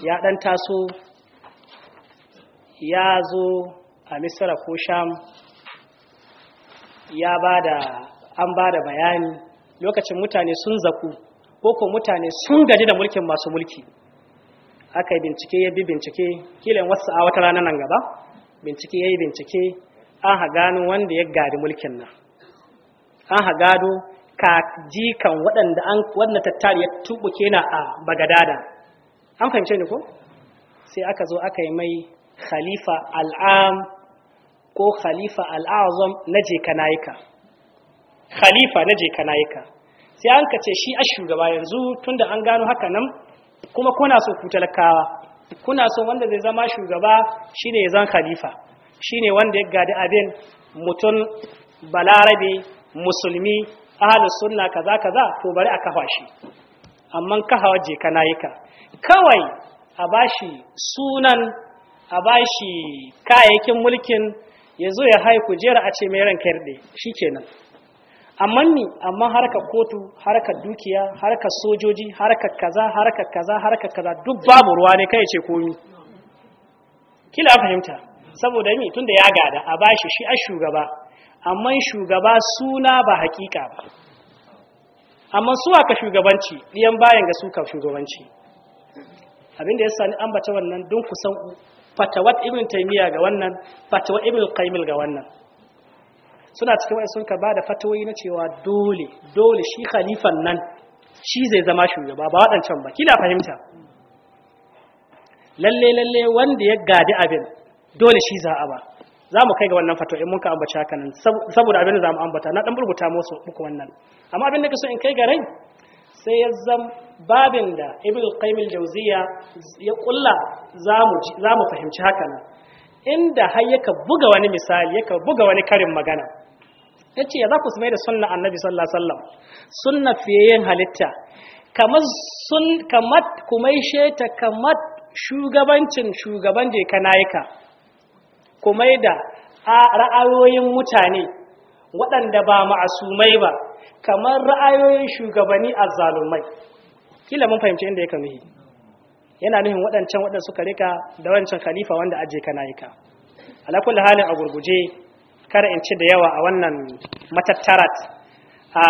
ya ɗan taso ya zo a misira ko sham ya bada an bada bayani lokacin mutane sun zaku ko ko mutane sun gaji da mulkin masu mulki aka yi bincike ya bi bincike kila wasu a wata rana nan gaba bincike ya yi bincike an ha gano wanda ya gadi mulkin nan an ha gado ka jikan waɗanda an wannan tattari ya tubuke na a bagadada an fahimce ni ko sai aka zo aka yi mai khalifa al'am ko khalifa al'azam na je kanayika khalifa na je kanayika sai an ka ce shi a shugaba yanzu tunda an gano haka nan kuma kuna so ku talakawa kuna so wanda zai zama shugaba shine ya zan khalifa shine wanda ya gadi abin mutum balarabe musulmi ahlus sunna kaza kaza to bari a kafa shi amma kafa waje kana yika kawai a bashi sunan a bashi kayayyakin mulkin ya zo ya haiku jera a ce mai ran karɗe shi kenan amma ni amma harkar kotu harkar dukiya harkar sojoji harkar kaza harkar kaza harkar kaza duk babu ruwa ne kai ce komi kila fahimta saboda ni tunda ya gada a bashi shi a shugaba amma shugaba suna ba hakika ba amma su aka shugabanci ɗiyan bayan ga su ka shugabanci abinda ya sani bata wannan don kusan fatawat ibn taymiya ga wannan fatawa ibn qaymil ga wannan suna cikin wani sun ka bada da fatawoyi na cewa dole dole shi khalifan nan shi zai zama shugaba ba waɗancan ba kila fahimta lalle lalle wanda ya gadi abin dole shi za a ba za mu kai ga wannan fatawa in ka ambata haka nan saboda abin da za mu ambata na dan burbuta musu buku wannan amma abin da ka so in kai ga rai sai ya zan babin da ibn qayyim jawziya ya kulla za mu fahimci hakan. inda har yaka buga wani misali yaka buga wani karin magana yace ya za ku sumai da sunna annabi sallallahu alaihi wasallam sunna fiyayen halitta kamar sun kamar kumai sheta kamar shugabancin shugaban je kanayika kumai da ra'ayoyin mutane waɗanda ba ma'asumai ba kamar ra'ayoyin shugabanni zalumai kila mun fahimci inda yake nuhi yana nuhin waɗancan waɗanda suka rika da wancan khalifa wanda aje kana yika ala kulli halin a gurguje kar in ci da yawa a wannan matattarat a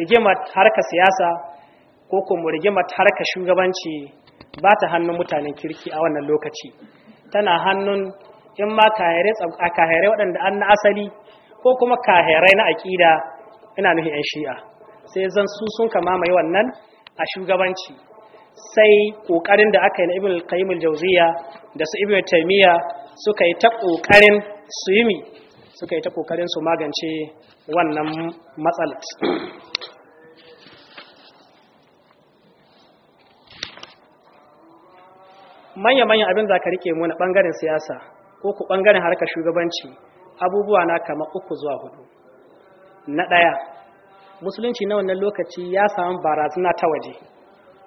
rigimar harka siyasa ko kuma rigimar harka shugabanci ba ta hannun mutanen kirki a wannan lokaci tana hannun in ma kahere waɗanda an na asali ko kuma kahirai na aƙida ina nufin 'yan shi'a sai zan su sun kama mai wannan a shugabanci sai ƙoƙarin da aka yi na ibn al-qayyim da su ibn taymiya suka yi ta ƙoƙarin su yi mi suka yi ta ƙoƙarin su magance wannan matsalar manya-manyan abin za ka rike mu na ɓangaren siyasa ko ku ɓangaren harkar shugabanci abubuwa na kama uku zuwa hudu na ɗaya musulunci na wannan lokaci ya samu barazana ta waje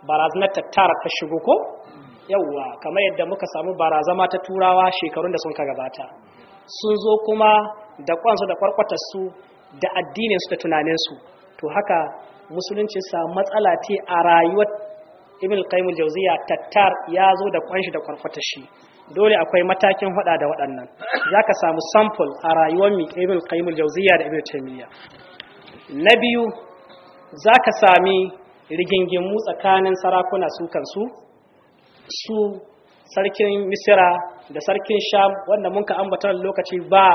barazana tattara ta shigo ko yawwa kamar yadda muka samu barazama ta turawa shekarun da sun ka gabata sun zo kuma da kwansu da kwarkwatarsu da addininsu da tunaninsu to haka musulunci sa matsala ce a rayuwar ibn qayyim jauziya tattar ya zo da kwanshi da kwarkwatar shi dole akwai matakin hada da waɗannan za ka samu sample a rayuwar mi ibn qayyim da ibn taymiya na biyu za ka sami rigingimu tsakanin sarakuna su kansu su sarkin misira da sarkin sham wanda mun ka ambata lokaci ba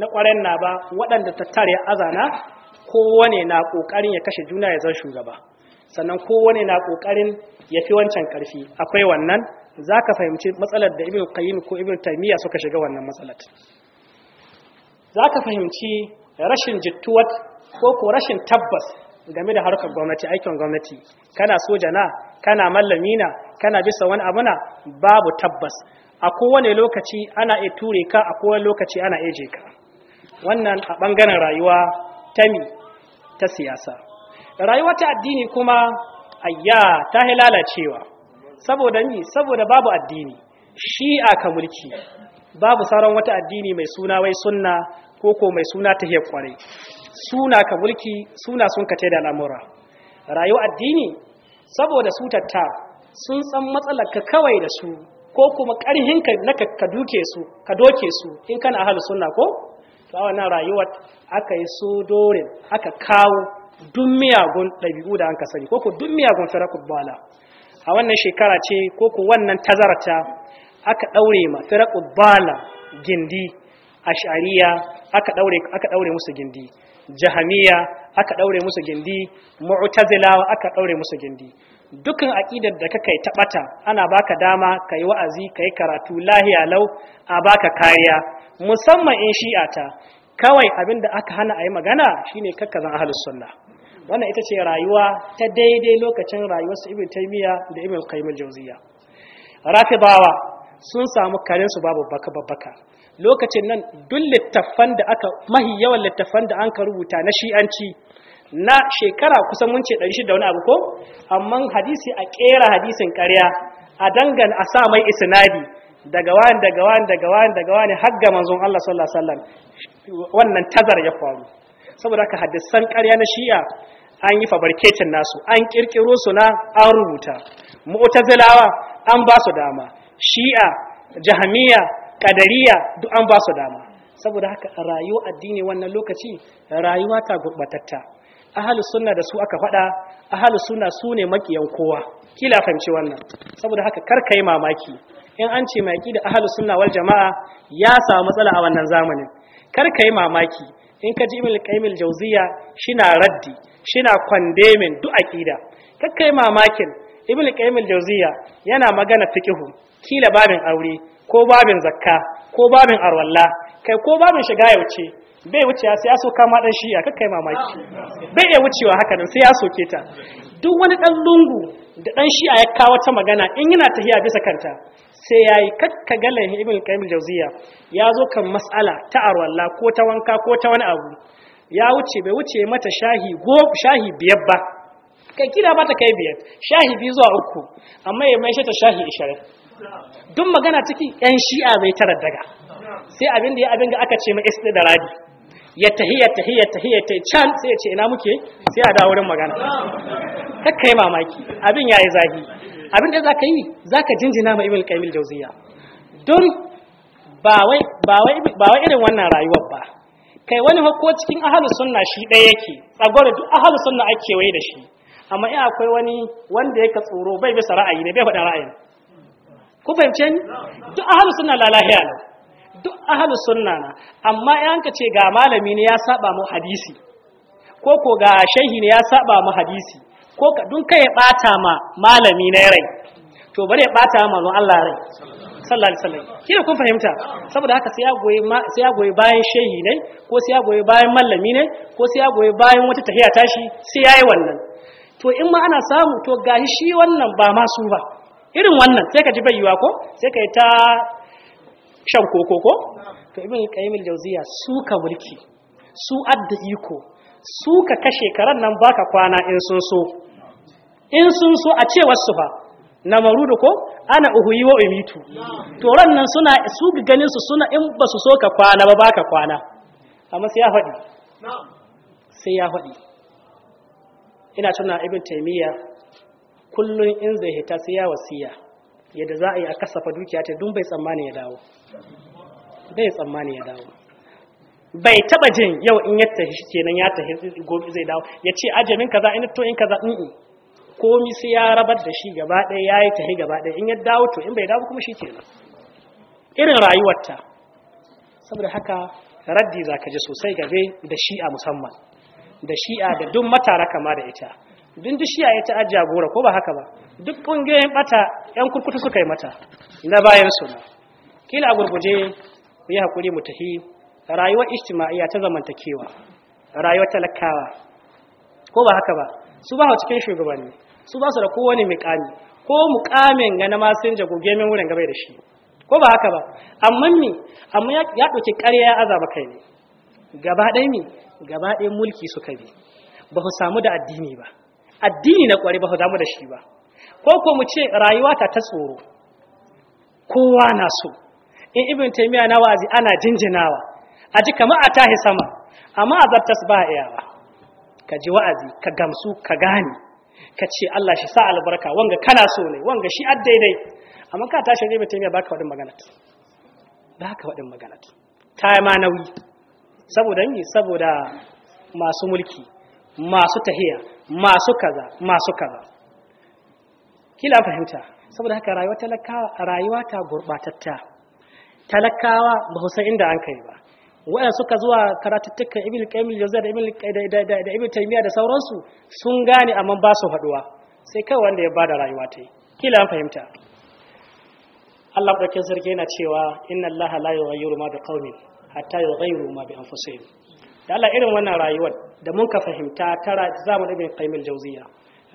na ƙwaren na ba waɗanda tattare azana kowane na ƙoƙarin ya kashe juna ya zan shugaba sannan kowane na ƙoƙarin ya fi wancan ƙarfi akwai wannan za ka fahimci matsalar da ibn qayyim ko ibn taymiya suka shiga wannan matsalar za ka fahimci rashin jittuwat ko ko rashin tabbas game da harkar gwamnati aikin gwamnati kana soja na kana mallami na kana bisa wani abu na babu tabbas a kowane lokaci ana iya ture ka a kowane lokaci ana iya ka wannan a bangaren rayuwa ta mi ta siyasa rayuwa ta addini kuma ayya ta lalacewa saboda ni saboda babu addini shi'a ka mulki babu sauran wata addini mai suna wai sunna ko ko mai suna ta kwarai suna ka mulki suna sun kace da al'amura rayuwa addini saboda su tatta sun san matsalar ka kawai da su ko kuma karhin ka na ka duke su ka doke su in kana ahlus sunna ko to a wannan rayuwar aka yi so dorin aka kawo duk miyagun ɗabi'u da an ka sani ko ko duk miyagun farakul bala a wannan shekara ce ko ku wannan tazarta aka daure ma firaqu bala gindi ash'ariya aka daure aka daure musu gindi jahamiya aka ɗaure musu gindi mu'tazila aka daure musu gindi dukkan aƙidar da kaka yi tabata ana baka dama kai wa'azi kai karatu lahiya lau a baka kariya musamman in shi'a ta kawai da aka hana a yi magana shine kakkazan ahlus sunnah wannan ita ce rayuwa ta daidai lokacin rayuwar su ibn taymiya da ibn qayyim al sun samu karin su babu baka babbaka lokacin nan duk littafan da aka mahi yawan littafan da an ka rubuta na shi'anci na shekara kusan mun ce 600 da wani abu ko amma hadisi a kera hadisin ƙarya a dangan a sa mai isnadi daga wani daga wani daga wani daga wani har ga manzon Allah sallallahu alaihi wasallam wannan tazar ya faru saboda haka haddasan ƙarya na shi'a an yi fabarketin nasu an ƙirƙiro su na an rubuta mu'tazilawa an ba su dama shi'a jahamiya ƙadariya, duk an ba su dama saboda haka rayuwa addini wannan lokaci rayuwa ta gurbatatta ahli sunna da su aka faɗa ahalu sunna su ne makiyan kowa kila fahimci wannan saboda haka kar yi mamaki in an ce mai da ahalu sunna wal jama'a ya samu matsala a wannan zamanin kar yi mamaki in ka ji imil kaimil jauziya shina raddi shina kwandemin duk akida kakkai mamakin imil kaimil jauziya yana magana fikihu kila babin aure ko babin zakka ko babin arwalla kai ko babin shiga yauce bai wucewa sai ya soka ma dan shi'a mamaki bai wucewa haka nan sai ya soke ta duk wani dan lungu da dan shi'a ya kawo ta magana in yana tahiya bisa kanta sai yayi kakka galan ibn qayyim jawziya ya zo kan mas'ala ta arwalla ko ta wanka ko ta wani abu ya wuce bai wuce mata shahi go shahi biyar ba kai kira ba ta kai biyar shahi biyu zuwa uku amma ya mai ta shahi ishirin duk magana ciki yan shi'a bai tarar daga sai abin da ya abin ga aka ce ma istidradi ya tahiyya tahiyya tahiyya tahi, can sai ya ce ina muke sai a dawo wurin magana kakkai mamaki abin ya yi zafi abin da zaka yi zaka jinjina ma ibn qayyim jawziya don ba wai irin wannan rayuwar ba kai wani hako cikin ahlus sunna shi ɗaya yake tsagwara duk ahlus sunna ake wai da shi amma in akwai wani wanda yake tsoro bai bisa ra'ayi ne bai faɗa ra'ayi ku fahimce ni duk ahlus sunna la lahiya duk ahalus sunna na amma in ka ce ga malami ne ya saba mu hadisi ko ko ga shehi ne ya saba mu hadisi ko ka dun kai ya bata ma malami ne rai to bari ya bata ma manzon Allah rai sallallahu alaihi wasallam kina kun fahimta saboda haka sai ya goyi sai ya goyi bayan shehi ne ko sai ya goyi bayan mallami ne ko sai ya goyi bayan wata tahiya tashi sai yayi wannan to in ma ana samu to gashi shi wannan ba masu ba irin wannan sai ka ji bai yiwa ko sai ka yi ta shan koko ko to ibn qayyim al-jawziya suka mulki su adda iko suka kashe karan nan baka kwana in sun so in sun so a cewar su fa na marudu ko ana uhuyi wa umitu to ran nan suna su ganin su suna in ba su so ka kwana ba baka kwana amma sai ya faɗi sai ya faɗi ina tuna ibn taymiya kullun in zai hita sai ya wasiya yadda za a yi a kasafa dukiya ta dun bai tsammani ya dawo bai tsammani ya dawo bai taba jin yau in ya tafi kenan ya tahi gobe zai dawo ya ce ajamin kaza in to in kaza in komi sai ya rabar da shi gaba ɗaya ya yi tahi gaba ɗaya in ya dawo to in bai dawo kuma shi kenan irin rayuwarta saboda haka raddi za ka ji sosai gabe da shi'a musamman da shi'a da duk matara kama da ita dindishiya dishiya ya ta gora ko ba haka ba duk kungiyoyin bata yan kurkutu suka yi mata na bayan su kila a gurguje ku yi hakuri mu tafi rayuwar ijtima'iyya ta zamantakewa rayuwar talakawa ko ba haka ba su ba hau cikin shugabanni su ba su da kowane mukami ko mukamin ga na masinja goge min wurin gabai da shi ko ba haka ba amma mi amma ya ɗauki ƙarya ya azaba kai ne gaba ɗaya mi gaba ɗaya mulki suka bi ba su samu da addini ba addini na kware ba ku da shi ba ko ko mu ce rayuwa ta ta tsoro kowa na so in ibn taymiya na wazi ana jinjinawa a ji kamar a tahi sama amma a zartas ba ba ka ji wa'azi ka gamsu ka gane ka ce Allah shi sa albarka wanga kana so ne wanga shi ad amma ka tashi ibn taymiya baka wadin magana baka wadin magana ta ma nauyi saboda ni saboda masu mulki masu tahiya masu kaza masu kaza kila fahimta saboda haka rayuwa talakawa rayuwa ta gurbatatta talakawa ba san inda an kai ba waɗanda suka zuwa karatuttukan ibn qayyim jazar da ibn da ibn taymiya da sauransu sun gane amma ba su haduwa sai kai wanda ya bada rayuwa ta yi kila an fahimta Allah ɗauke sarki yana cewa inna Allah la yughayyiru ma bi qaumin hatta yughayyiru ma bi anfusihim da Allah irin wannan rayuwar da mun ka fahimta tara zamu ibn qaimul jawziya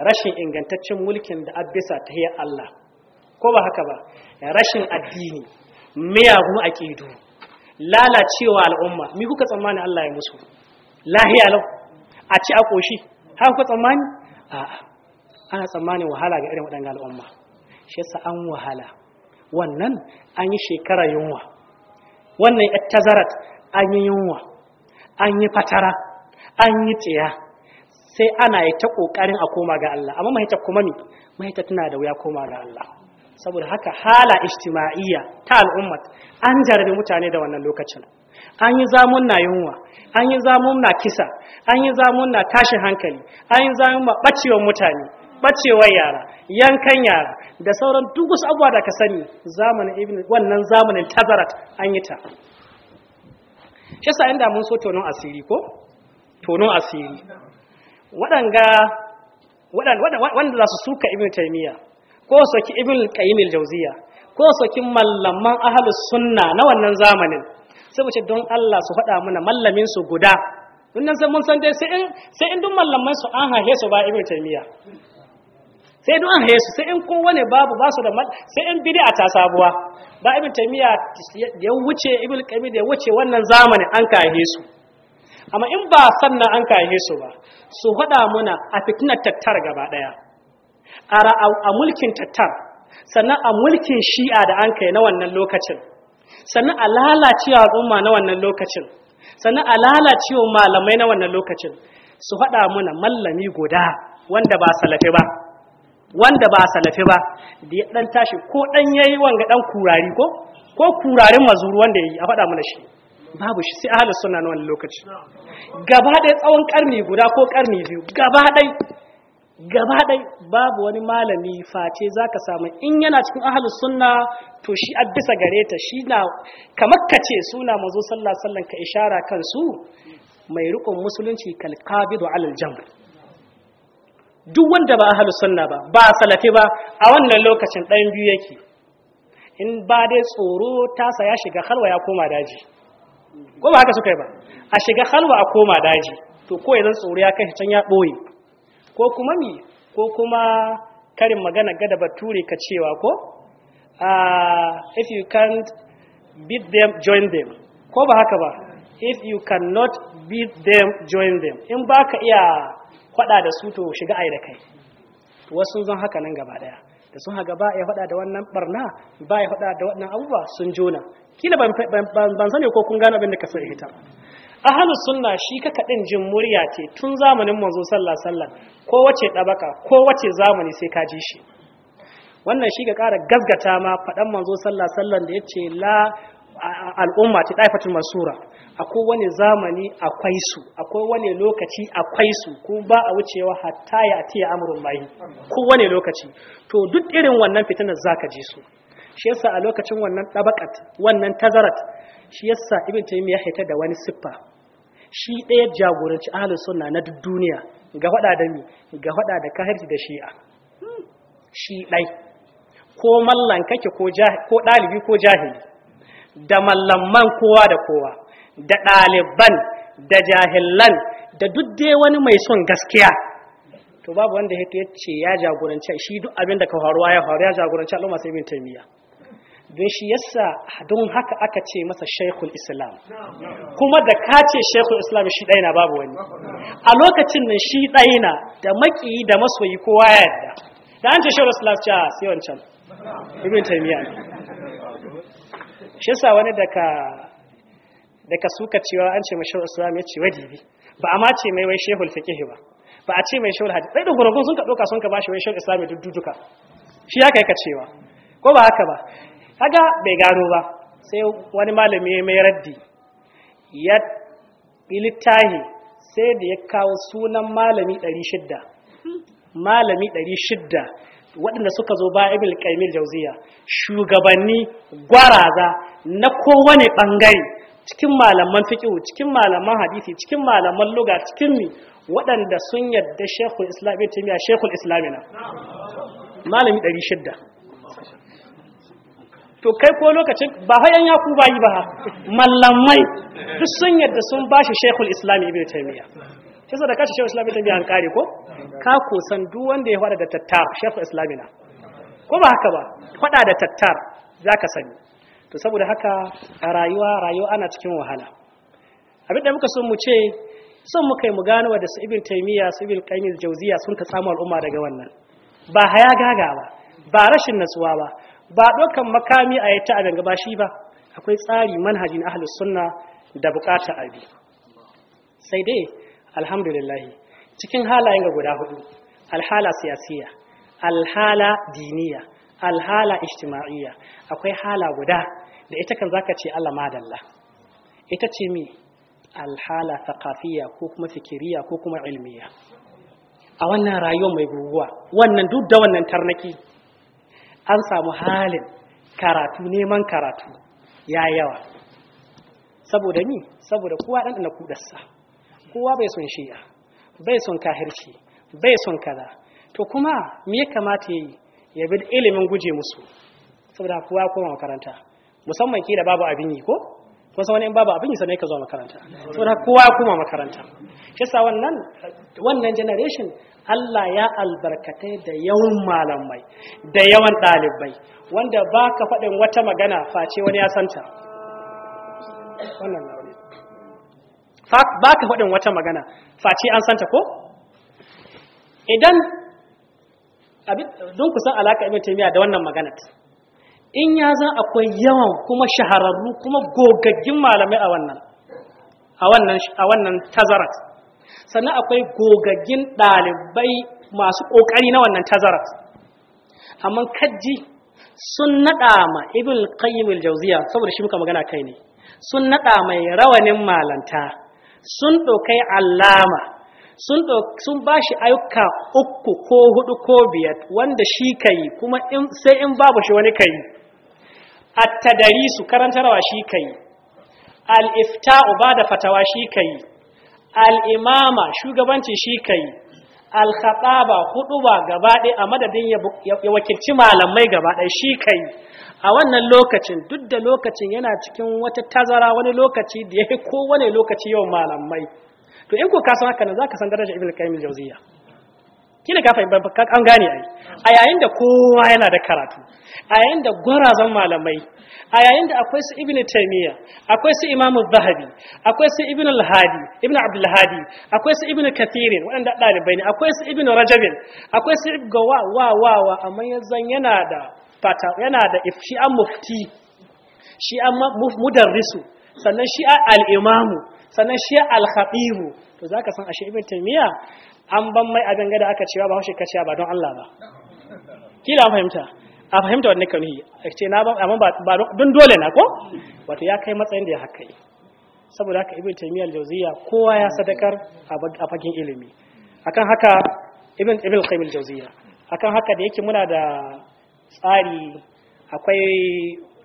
rashin ingantaccen mulkin da abisa ta yi Allah ko ba haka ba rashin addini miyagun aqidu lalacewa al'umma mi kuka tsammani Allah ya musu lahiya lau a ci a koshi ha kuka tsammani a'a ana tsammanin wahala ga irin wadannan al'umma shi yasa an wahala wannan an yi shekara yunwa wannan tazarat an yi yunwa an yi fatara an yi tsiya sai ana yi ta ƙoƙarin a koma ga Allah amma mahita kuma mi mahita tana da wuya koma ga Allah saboda haka hala ijtima'iyya ta al'umma an jarabi mutane da wannan lokacin an yi zamun na yunwa an yi zamun na kisa an yi zamun na tashin hankali an yi zamun na ɓacewar mutane ɓacewar yara yankan yara da sauran duk wasu abubuwa da ka sani zamanin wannan zamanin tazarat an yi ta shi sa inda mun so tonon asiri ko tonon asiri waɗanga wanda za su suka ibn taymiya ko saki ibn qayyim al-jawziya ko saki mallaman ahlus sunna na wannan zamanin sai mu don Allah su faɗa mana mallamin su guda don sai mun san dai sai in sai in duk su an hahe su ba ibn taymiya sai don haye su sai in kowane babu ba su da mal sai in bid'a ta sabuwa ba ibn taymiya ya wuce ibn qayyim ya wuce wannan zamanin an kahe su amma in ba sannan an kahe su ba su hada muna a fitinar tattar gaba daya a mulkin tattar sannan a mulkin shi'a da an kai na wannan lokacin sannan a lalacewa al'umma na wannan lokacin sannan a lalacewa malamai na wannan lokacin su hada muna mallami guda wanda ba salafi ba wanda ba salafi ba da ya dan tashi ko dan yayi wanga dan kurari ko ko kurarin mazuru wanda yayi a faɗa mana shi babu shi sai ahlus sunna na wannan lokaci gaba da tsawon karni guda ko karni biyu gaba dai gaba dai babu wani malami face zaka samu in yana cikin ahlus sunna to shi a bisa gare ta shi na kamar kace suna mazo sallallahu alaihi ka ishara kan su mai rukun musulunci kalqabidu alal jamr duk wanda ba ahalus sunna ba ba salafi ba a wannan lokacin ɗayan biyu yake in ba dai tsoro tasa ya shiga halwa ya koma daji ko ba haka suka yi ba a shiga halwa a koma daji to ko yanzu tsoro ya kai can ya ɓoye ko kuma mi ko kuma karin magana gada bature ka cewa ko ah, if you can't beat them join them ko ba haka ba if you cannot beat them join them in baka iya faɗa da su to shiga ai da kai wasu zan haka nan gaba ɗaya. da sun haga ba ya faɗa da wannan barna ba ya faɗa da wannan abubuwa sun jona kila ban sani ko kun gano abin da ka sai ita ahalus sunna shi ka kadin jin murya ce tun zamanin manzo sallallahu alaihi ko wace dabaka ko wace zamani sai ka ji shi wannan shi ga ƙara gasgata ma faɗan manzo sallallahu alaihi wasallam da yace la al'umma ta ɗaifatul mansura akwai wani zamani akwai su akwai wani lokaci akwai su ko ba a wucewa hatta ya ati ya amurin bayi ko wani lokaci to duk irin wannan fitinar za ka ji su shi yasa a lokacin wannan ɗabakat wannan tazarat shi yasa ibn taymiya ya haita da wani siffa shi ɗaya jagoranci ahlus sunna na duk duniya ga faɗa da mi ga faɗa da kahirci da shi'a hmm. shi ɗai ko mallan kake ko ɗalibi ko jahili da mallaman kowa da kowa da ɗaliban da jahilan da duk dai wani mai son gaskiya to babu wanda ya ce ya jagoranci shi duk abin da ka faruwa ya faru ya jagoranci al'umma sai bin taimiyya don shi yasa don haka aka ce masa shaikhul islam kuma da ka ce shaikhul islam shi ɗaya babu wani a lokacin nan shi ɗaya da maƙiyi da masoyi kowa ya yadda da an ce shaikhul islam ce a ah, sai wancan ibn taimiyya shi yasa wani daga daga suka cewa an ce mai islam ya ce wajibi ba a mace mai wai shehul fiqh ba ba a ce mai shehul hadisi sai da gurgun sun ka doka sun ka bashi wai shehul islam duk duduka shi ya kai ka cewa ko ba haka ba kaga bai gano ba sai wani malami mai raddi ya littahi sai da ya kawo sunan malami 600 malami waɗanda suka zo ba ibil ƙaimil jauziya shugabanni gwaraza na kowane ɓangare, cikin malaman fiqh cikin malaman hadisi cikin malaman luga cikin mi waɗanda sun yadda shekul islam ibn shekul islam na malami shidda to kai ko lokacin ba hayan ya ku bayi ba mallamai duk sun yadda sun ba shi shekul islam ibn taymiya shi da kashi shehu islami tambi an kare ko ka kosan duwanda wanda ya fada da tattar shehu islami na ko ba haka ba fada da tattar za ka sani to saboda haka a rayuwa rayuwa ana cikin wahala abin da muka sun mu ce son muka yi mu gano wadda su ibin taimiyya su ibin qayyim jauziya sun ka samu al'umma daga wannan ba haya gaga ba ba rashin natsuwa ba ba dokan makami a yata a danga ba shi ba akwai tsari manhajin ahlus sunna da bukatar abi sai dai alhamdulillahi cikin halayen ga guda hudu alhala siyasiya alhala diniya alhala ijtima'iyya akwai hala guda da ita kan zaka ce Allah madalla ita ce mi alhala thaqafiyya ko kuma fikiriya ko kuma ilmiya a wannan rayuwar mai guguwa wannan duk da wannan tarnaki an samu halin karatu neman karatu ya yawa saboda ni saboda kowa dan da kudarsa kowa bai son shi'a bai son kahirci bai son kada, to kuma me ya kamata yi ya bi ilimin guje musu saboda kowa koma makaranta musamman da babu abin yi ko kuma san wani in babu abin yi sanai ka zo makaranta saboda kowa koma makaranta shi sa wannan wannan generation Allah ya albarkatai da yawan malamai da yawan ɗalibai wanda baka faɗin wata magana face wani ya santa wannan ba ka faɗin wata magana face an santa ko idan don kusan alaka ibn taymiya da wannan maganar in ya zan akwai yawan kuma shahararru kuma gogaggin malamai a wannan a wannan a tazarat sannan akwai gogaggin ɗalibai masu ƙoƙari na wannan tazarat amma kaji sun naɗa ma ibn qayyim al saboda shi muka magana kai ne sun naɗa mai rawanin malanta sun ɗaukai alama, sun ba shi ayyuka uku ko hudu ko biyar wanda shi ka yi kuma sai in babu shi wani ka yi A tadari su karantarwa shi ka yi al'ifta'u ba da fatawa shi ka yi al'imama shugabanci shi ka yi alkhataba huduba gaba ɗaya a madadin ya wakilci malamai gaba shi shi kai a wannan lokacin duk da lokacin yana cikin wata tazara wani lokaci da ya ko wani lokaci yawan malamai to in ko ka san haka za zaka san darajar ibnu qayyim jawziya kina ka fahimta an gane ai a yayin da kowa yana da karatu a yayin da gwarazan malamai a yayin da akwai su ibnu taymiya akwai su imamu zahabi akwai su ibnu al-hadi ibnu abdul hadi akwai su ibnu kathir waɗanda dalibai ne akwai su ibnu rajab akwai su ibnu wa wa wa wa amma yanzan yana da fata yana da shi an mufti shi an mudarrisu sannan shi al-imamu sannan shi al khatibu to zaka san ashe ibnu taymiya an ban mai abin gada aka cewa ba haushe kaciya ba don Allah ba kila fahimta a fahimta wannan kamihi a ce na ban amma ba don dole na ko wato ya kai matsayin da ya haka yi saboda haka ibn taimiyar jauziya kowa ya sadakar a fagen ilimi akan haka ibn ibn kaimil jauziya akan haka da yake muna da tsari akwai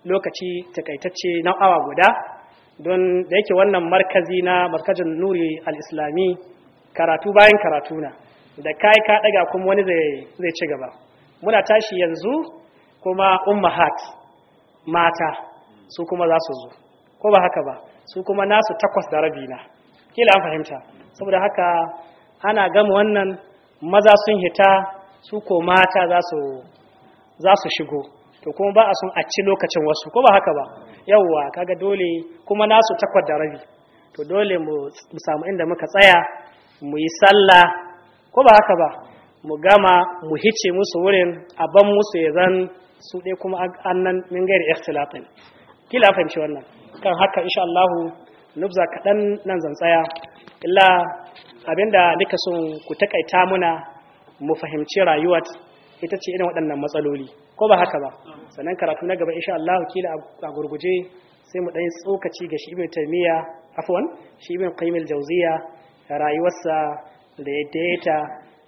lokaci takaitacce na awa guda don da yake wannan markazi na markajin nuri al-islami karatu bayan karatu na da kai ka daga kuma wani zai zai ci gaba muna tashi yanzu kuma ummahat mata su kuma za su zo ko ba haka ba su kuma nasu takwas da rabi na kila an fahimta saboda haka ana gama wannan maza sun hita su ko mata za shigo to kuma ba a sun a lokacin wasu ko ba haka ba yawwa kaga dole kuma nasu takwas da rabi to dole mu samu inda muka tsaya mu yi sallah ko ba haka ba mu gama mu hice musu wurin a ban musu ya zan su ɗaya kuma an nan min gairi ikhtilafin kila fahimci wannan kan haka insha Allah nubza kaɗan nan zan tsaya illa abinda nika son ku takaita muna mu fahimci rayuwa ita ce irin waɗannan matsaloli ko ba haka ba sannan karatu na gaba insha Allah kila a gurguje sai mu ɗan tsokaci ga shi ibn taymiya afwan shi ibn qayyim al rayuwarsa da daita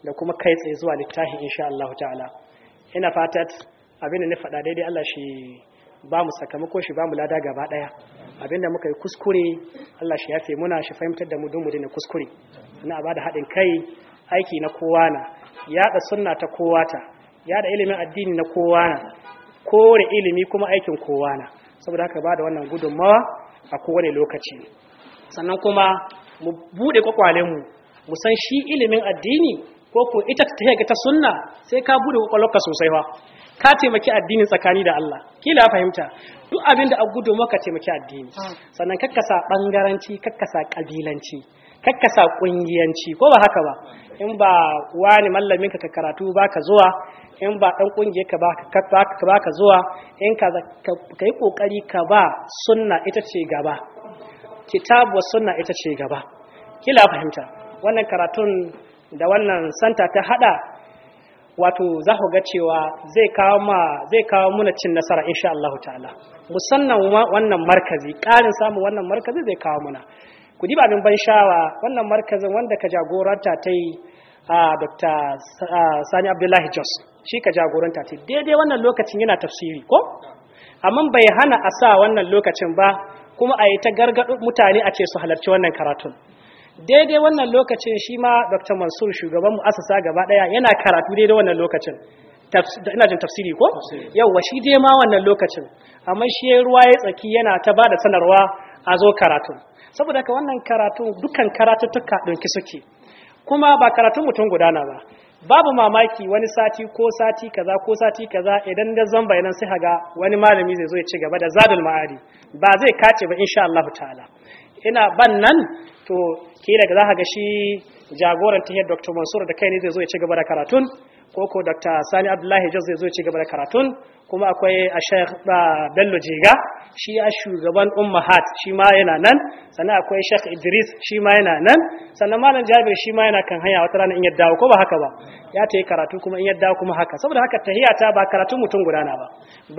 da kuma kai tsaye zuwa littafi insha Allah ta'ala ina fatat abinda da na faɗa daidai Allah shi ba mu sakamako shi ba mu lada gaba ɗaya abin muka yi kuskure Allah shi yafe muna shi fahimtar da mu don mu daina kuskure ina ba da haɗin kai aiki na kowa na yaɗa sunna ta kowa ta yaɗa ilimin addini na kowa na kore ilimi kuma aikin kowa na saboda haka ba da wannan gudunmawa a kowane lokaci sannan kuma mu bude kwakwalen mu mu san shi ilimin addini ko ko ita ta tahiya ta sunna sai ka bude kwakwalwarka sosai fa ka taimaki addini tsakani da Allah kila fahimta duk abin da a gudu maka taimaki addini hmm. sannan kakkasa bangaranci kakkasa kabilanci kakkasa kungiyanci ko ba haka ba in ba wani mallamin ka karatu baka zuwa in ba dan kungiyar ka baka ka zuwa in ka ka yi kokari ka ba sunna ita ce gaba kitabu wa sunna ita ce gaba kila fahimta wannan karatun da wannan santa ta hada wato za ku ga cewa zai kawo ma zai kawo muna cin nasara insha Allah ta'ala musannan wannan markazi ƙarin samun wannan markazi zai kawo muna ku ji abin ban shawa wannan markazin wanda ka jagoranta ta yi a Dr. Sani Abdullahi Jos shi ka jagoranta ta yi. daidai wannan lokacin yana tafsiri ko amma bai hana a sa wannan lokacin ba kuma a yi ta gargaɗo mutane a ce su halarci wannan karatun daidai wannan lokacin shi ma dr mansur shugaban mu'asasa gaba ɗaya yana karatu daidai wannan lokacin ina jin tafsiri ko wa shi dai ma wannan lokacin amma shi ruwa ya tsaki yana ta ba da sanarwa a zo karatu saboda ka wannan karatu dukkan karatuttuka ɗinki suke kuma ba karatun mutum gudana ba babu mamaki wani sati ko sati kaza ko sati kaza idan da zan bayanan sai haga wani malami zai zo ya ci gaba da zadul ma'ari ba zai kace ba insha Allah ta'ala ina ban nan to daga za ka ga shi jagoran tahiyar Dr. Mansur da kai ne zai zo ya ci gaba da karatun koko dr sani abdullahi jos zai zo ci gaba da karatun kuma akwai a sheikh bello jiga shi a shugaban ummahat shi ma yana nan sannan akwai sheikh idris shi ma yana nan sannan malam jabir shi ma yana kan hanya wata rana in yadda ko ba haka ba ya tayi karatu kuma in yadda kuma haka saboda haka tahiya ta ba karatun mutum gudana ba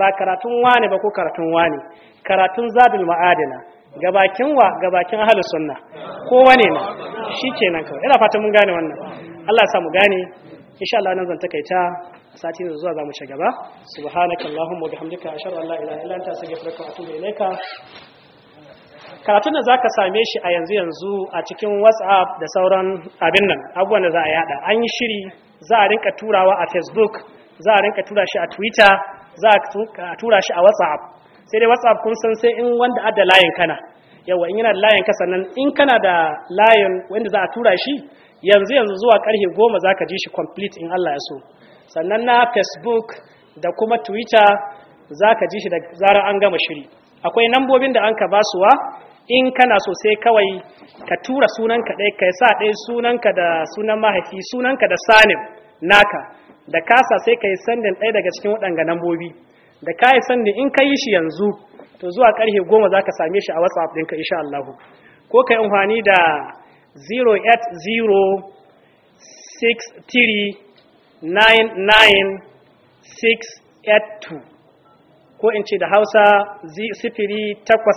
ba karatun wani ba ko karatun wani, karatun zadul ma'adina gabakin wa gabakin ahalus sunna kowa ne na shikenan kawai ina fata mun gane wannan Allah ya sa mu gane insha Allah nan zan takaita sati na zuwa zamu ci gaba subhanaka allahumma wa bihamdika ashhadu an la ilaha illa anta astaghfiruka wa atubu ilaika karatun da zaka same shi a yanzu yanzu a cikin WhatsApp da sauran abin nan abubuwan da za a yada an yi shiri za a rinka turawa a Facebook za a rinka tura shi a Twitter za a tura shi a WhatsApp sai dai WhatsApp kun san sai in wanda adda layin kana yawa in yana da layin ka sannan in kana da layin wanda za a tura shi yanzu yanzu zuwa karfe goma za ka ji shi complete in Allah ya so sannan na facebook da kuma twitter za ka ji shi da zarar an gama shiri akwai nambobin da an ka basuwa in kana so sai kawai ka tura sunanka ɗaya ka sa ɗaya sunanka da sunan mahaifi sunanka da sanin naka da kasa sai ka yi sandin ɗaya daga cikin waɗanga nambobi da ka yi sandin in ka yi shi yanzu to zuwa ƙarhe goma za ka same shi a whatsapp ɗinka insha Allah ko ka yi amfani da 0806399682 ko in ce da hausa sifiri takwas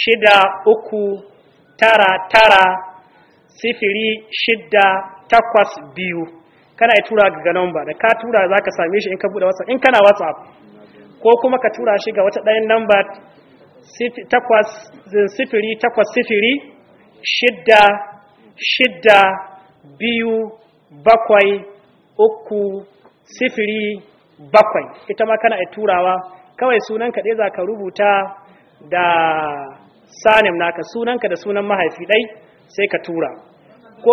shida uku tara tara shida biyu kana ya tura ga namba da ka tura za ka same shi in ka bude whatsapp in kana whatsapp ko kuma ka tura shi ga wata ɗayan namba sifiri takwas shidda shidda biyu bakwai uku sifiri bakwai ita ma kana turawa kawai sunan kaɗai za ka rubuta da sanim naka sunanka da sunan mahaifi ɗai sai ka tura ko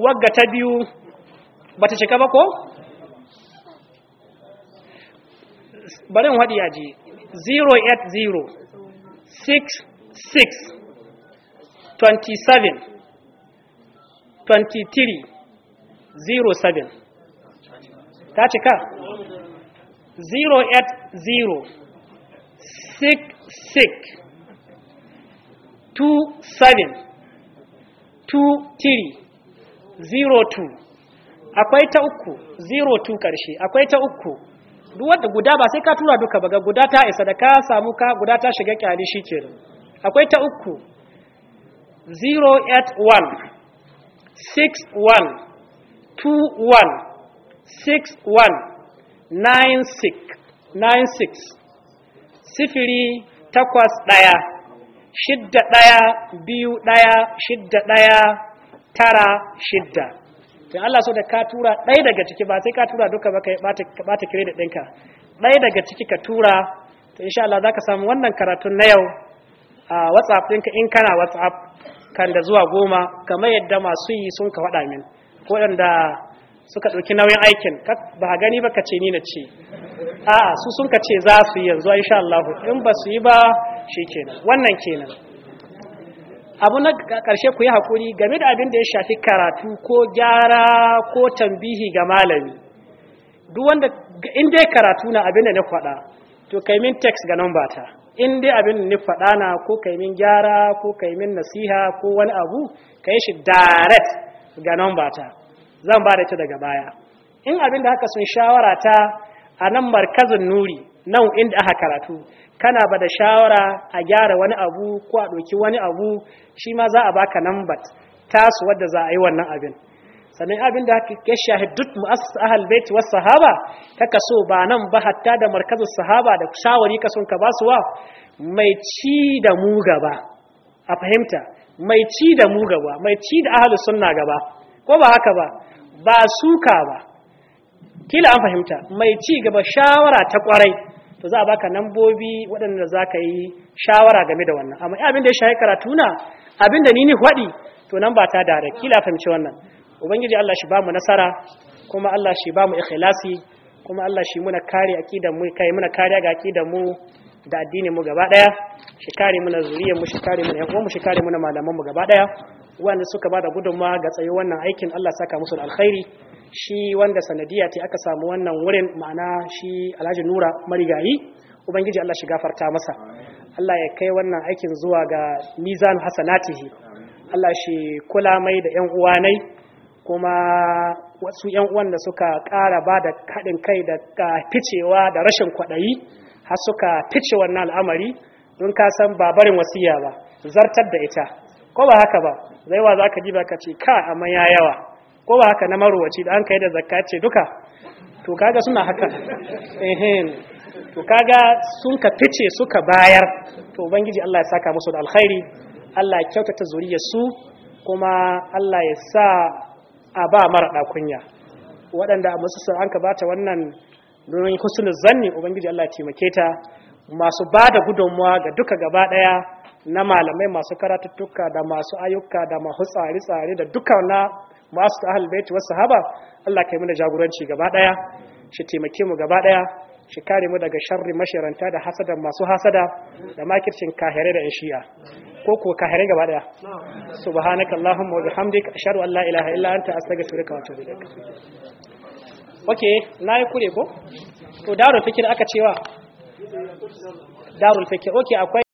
wagga ta biyu ba ta cika ba ko? barin haɗi yaji 080 66 27 23 07 ta cika 080 66 27 23 02 akwai ta uku 02 karshe akwai ta uku duwadda guda ba sai ka tura duka ba ga guda ta isa da ka samu ka guda ta shiga kyali shikenan akwai ta uku sifiri takwas ɗaya shidda ɗaya biyu ɗaya shidda ɗaya tara shidda tun Allah so da ka tura ɗaya daga ciki ba sai ka tura duka ba ka ɓata da ɗinka ɗaya daga ciki ka tura to insha Allah za ka samu wannan karatun na yau a whatsapp ɗinka in kana whatsapp kan da zuwa goma kamar yadda masu yi sun ka faɗa min ko da suka ɗauki nauyin aikin ba a gani ba ka ce ni na ce a'a su sun ka ce za su yi yanzu insha Allah in ba su yi ba shi kenan wannan kenan abu na ƙarshe ku yi haƙuri game da abin da ya shafi karatu ko gyara ko tambihi ga malami duk wanda in dai karatu na abin da na faɗa to kai min text ga nan ba ta in dai abin ni faɗa na ko kai min gyara ko kai min nasiha ko wani abu ka yi shi direct ga number ta zan ba da ita daga baya in abin da haka sun shawara ta a nan markazin nuri nan inda aka karatu kana ba da shawara a gyara wani abu ko a ɗauki wani abu shi ma za a baka number tasu wadda za a yi wannan abin sannan abin da ke shahi duk mu'assas ahal bait was sahaba kaka so ba nan ba hatta da markazin sahaba da shawari ka sun ka ba su wa mai ci da mu gaba a fahimta mai ci da mu gaba mai ci da ahli sunna gaba ko ba haka ba ba suka ba kila an fahimta mai ci gaba shawara ta kwarai to za a baka nambobi waɗanda za ka yi shawara game da wannan amma abin da ya shahi karatu na abin da ni ni hwadi, to nan ba ta dare kila fahimci wannan ubangiji Allah shi ba mu nasara kuma Allah shi ba mu ikhlasi kuma Allah shi muna kare mu kai muna kariya ga akidan mu da addinin mu gaba daya shi kare muna zuriyar mu shi kare muna yan mu shi kare muna malaman mu gaba daya wanda suka bada da gudunmawa ga tsayi wannan aikin Allah saka musu alkhairi shi wanda sanadiya ce aka samu wannan wurin ma'ana shi Alhaji Nura marigayi ubangiji Allah shi gafarta masa Allah ya kai wannan aikin zuwa ga mizan hasanatihi Allah shi kula mai da yan uwanai kuma wasu yan uwan da suka ƙara ba da haɗin kai da ficewa da rashin kwaɗayi har suka fice wannan al'amari don ka san ba barin wasiya ba zartar da ita ko ba haka ba zai wa za ka ji ba ka ce ka amma ya yawa ko ba haka na maruwaci da an kai da zakka ce duka to kaga suna haka to kaga sun ka fice suka bayar to ubangiji Allah ya saka musu da alkhairi Allah ya kyautata zuriyar su kuma Allah ya sa a ba mara kunya waɗanda a musu an ka bata wannan domin kusurin zanni ubangiji Allah ya taimake ta masu ba da gudunmuwa ga duka gaba ɗaya na malamai masu karatuttuka da masu ayyuka da masu tsare-tsare da duka na masu ahal wasu sahaba Allah kai mana jagoranci gaba ɗaya shi taimake mu gaba ɗaya shi kare mu daga sharri mashiranta da hasada masu hasada da makircin kahere da in shi'a ko kuwa kahirai gaba daya subhanaka allahumma wa bihamdika ashhadu an la ilaha illa anta astaghfiruka wa atubu ilaik okay nayi kure ko to darul fikir aka cewa darul fikir okay akwai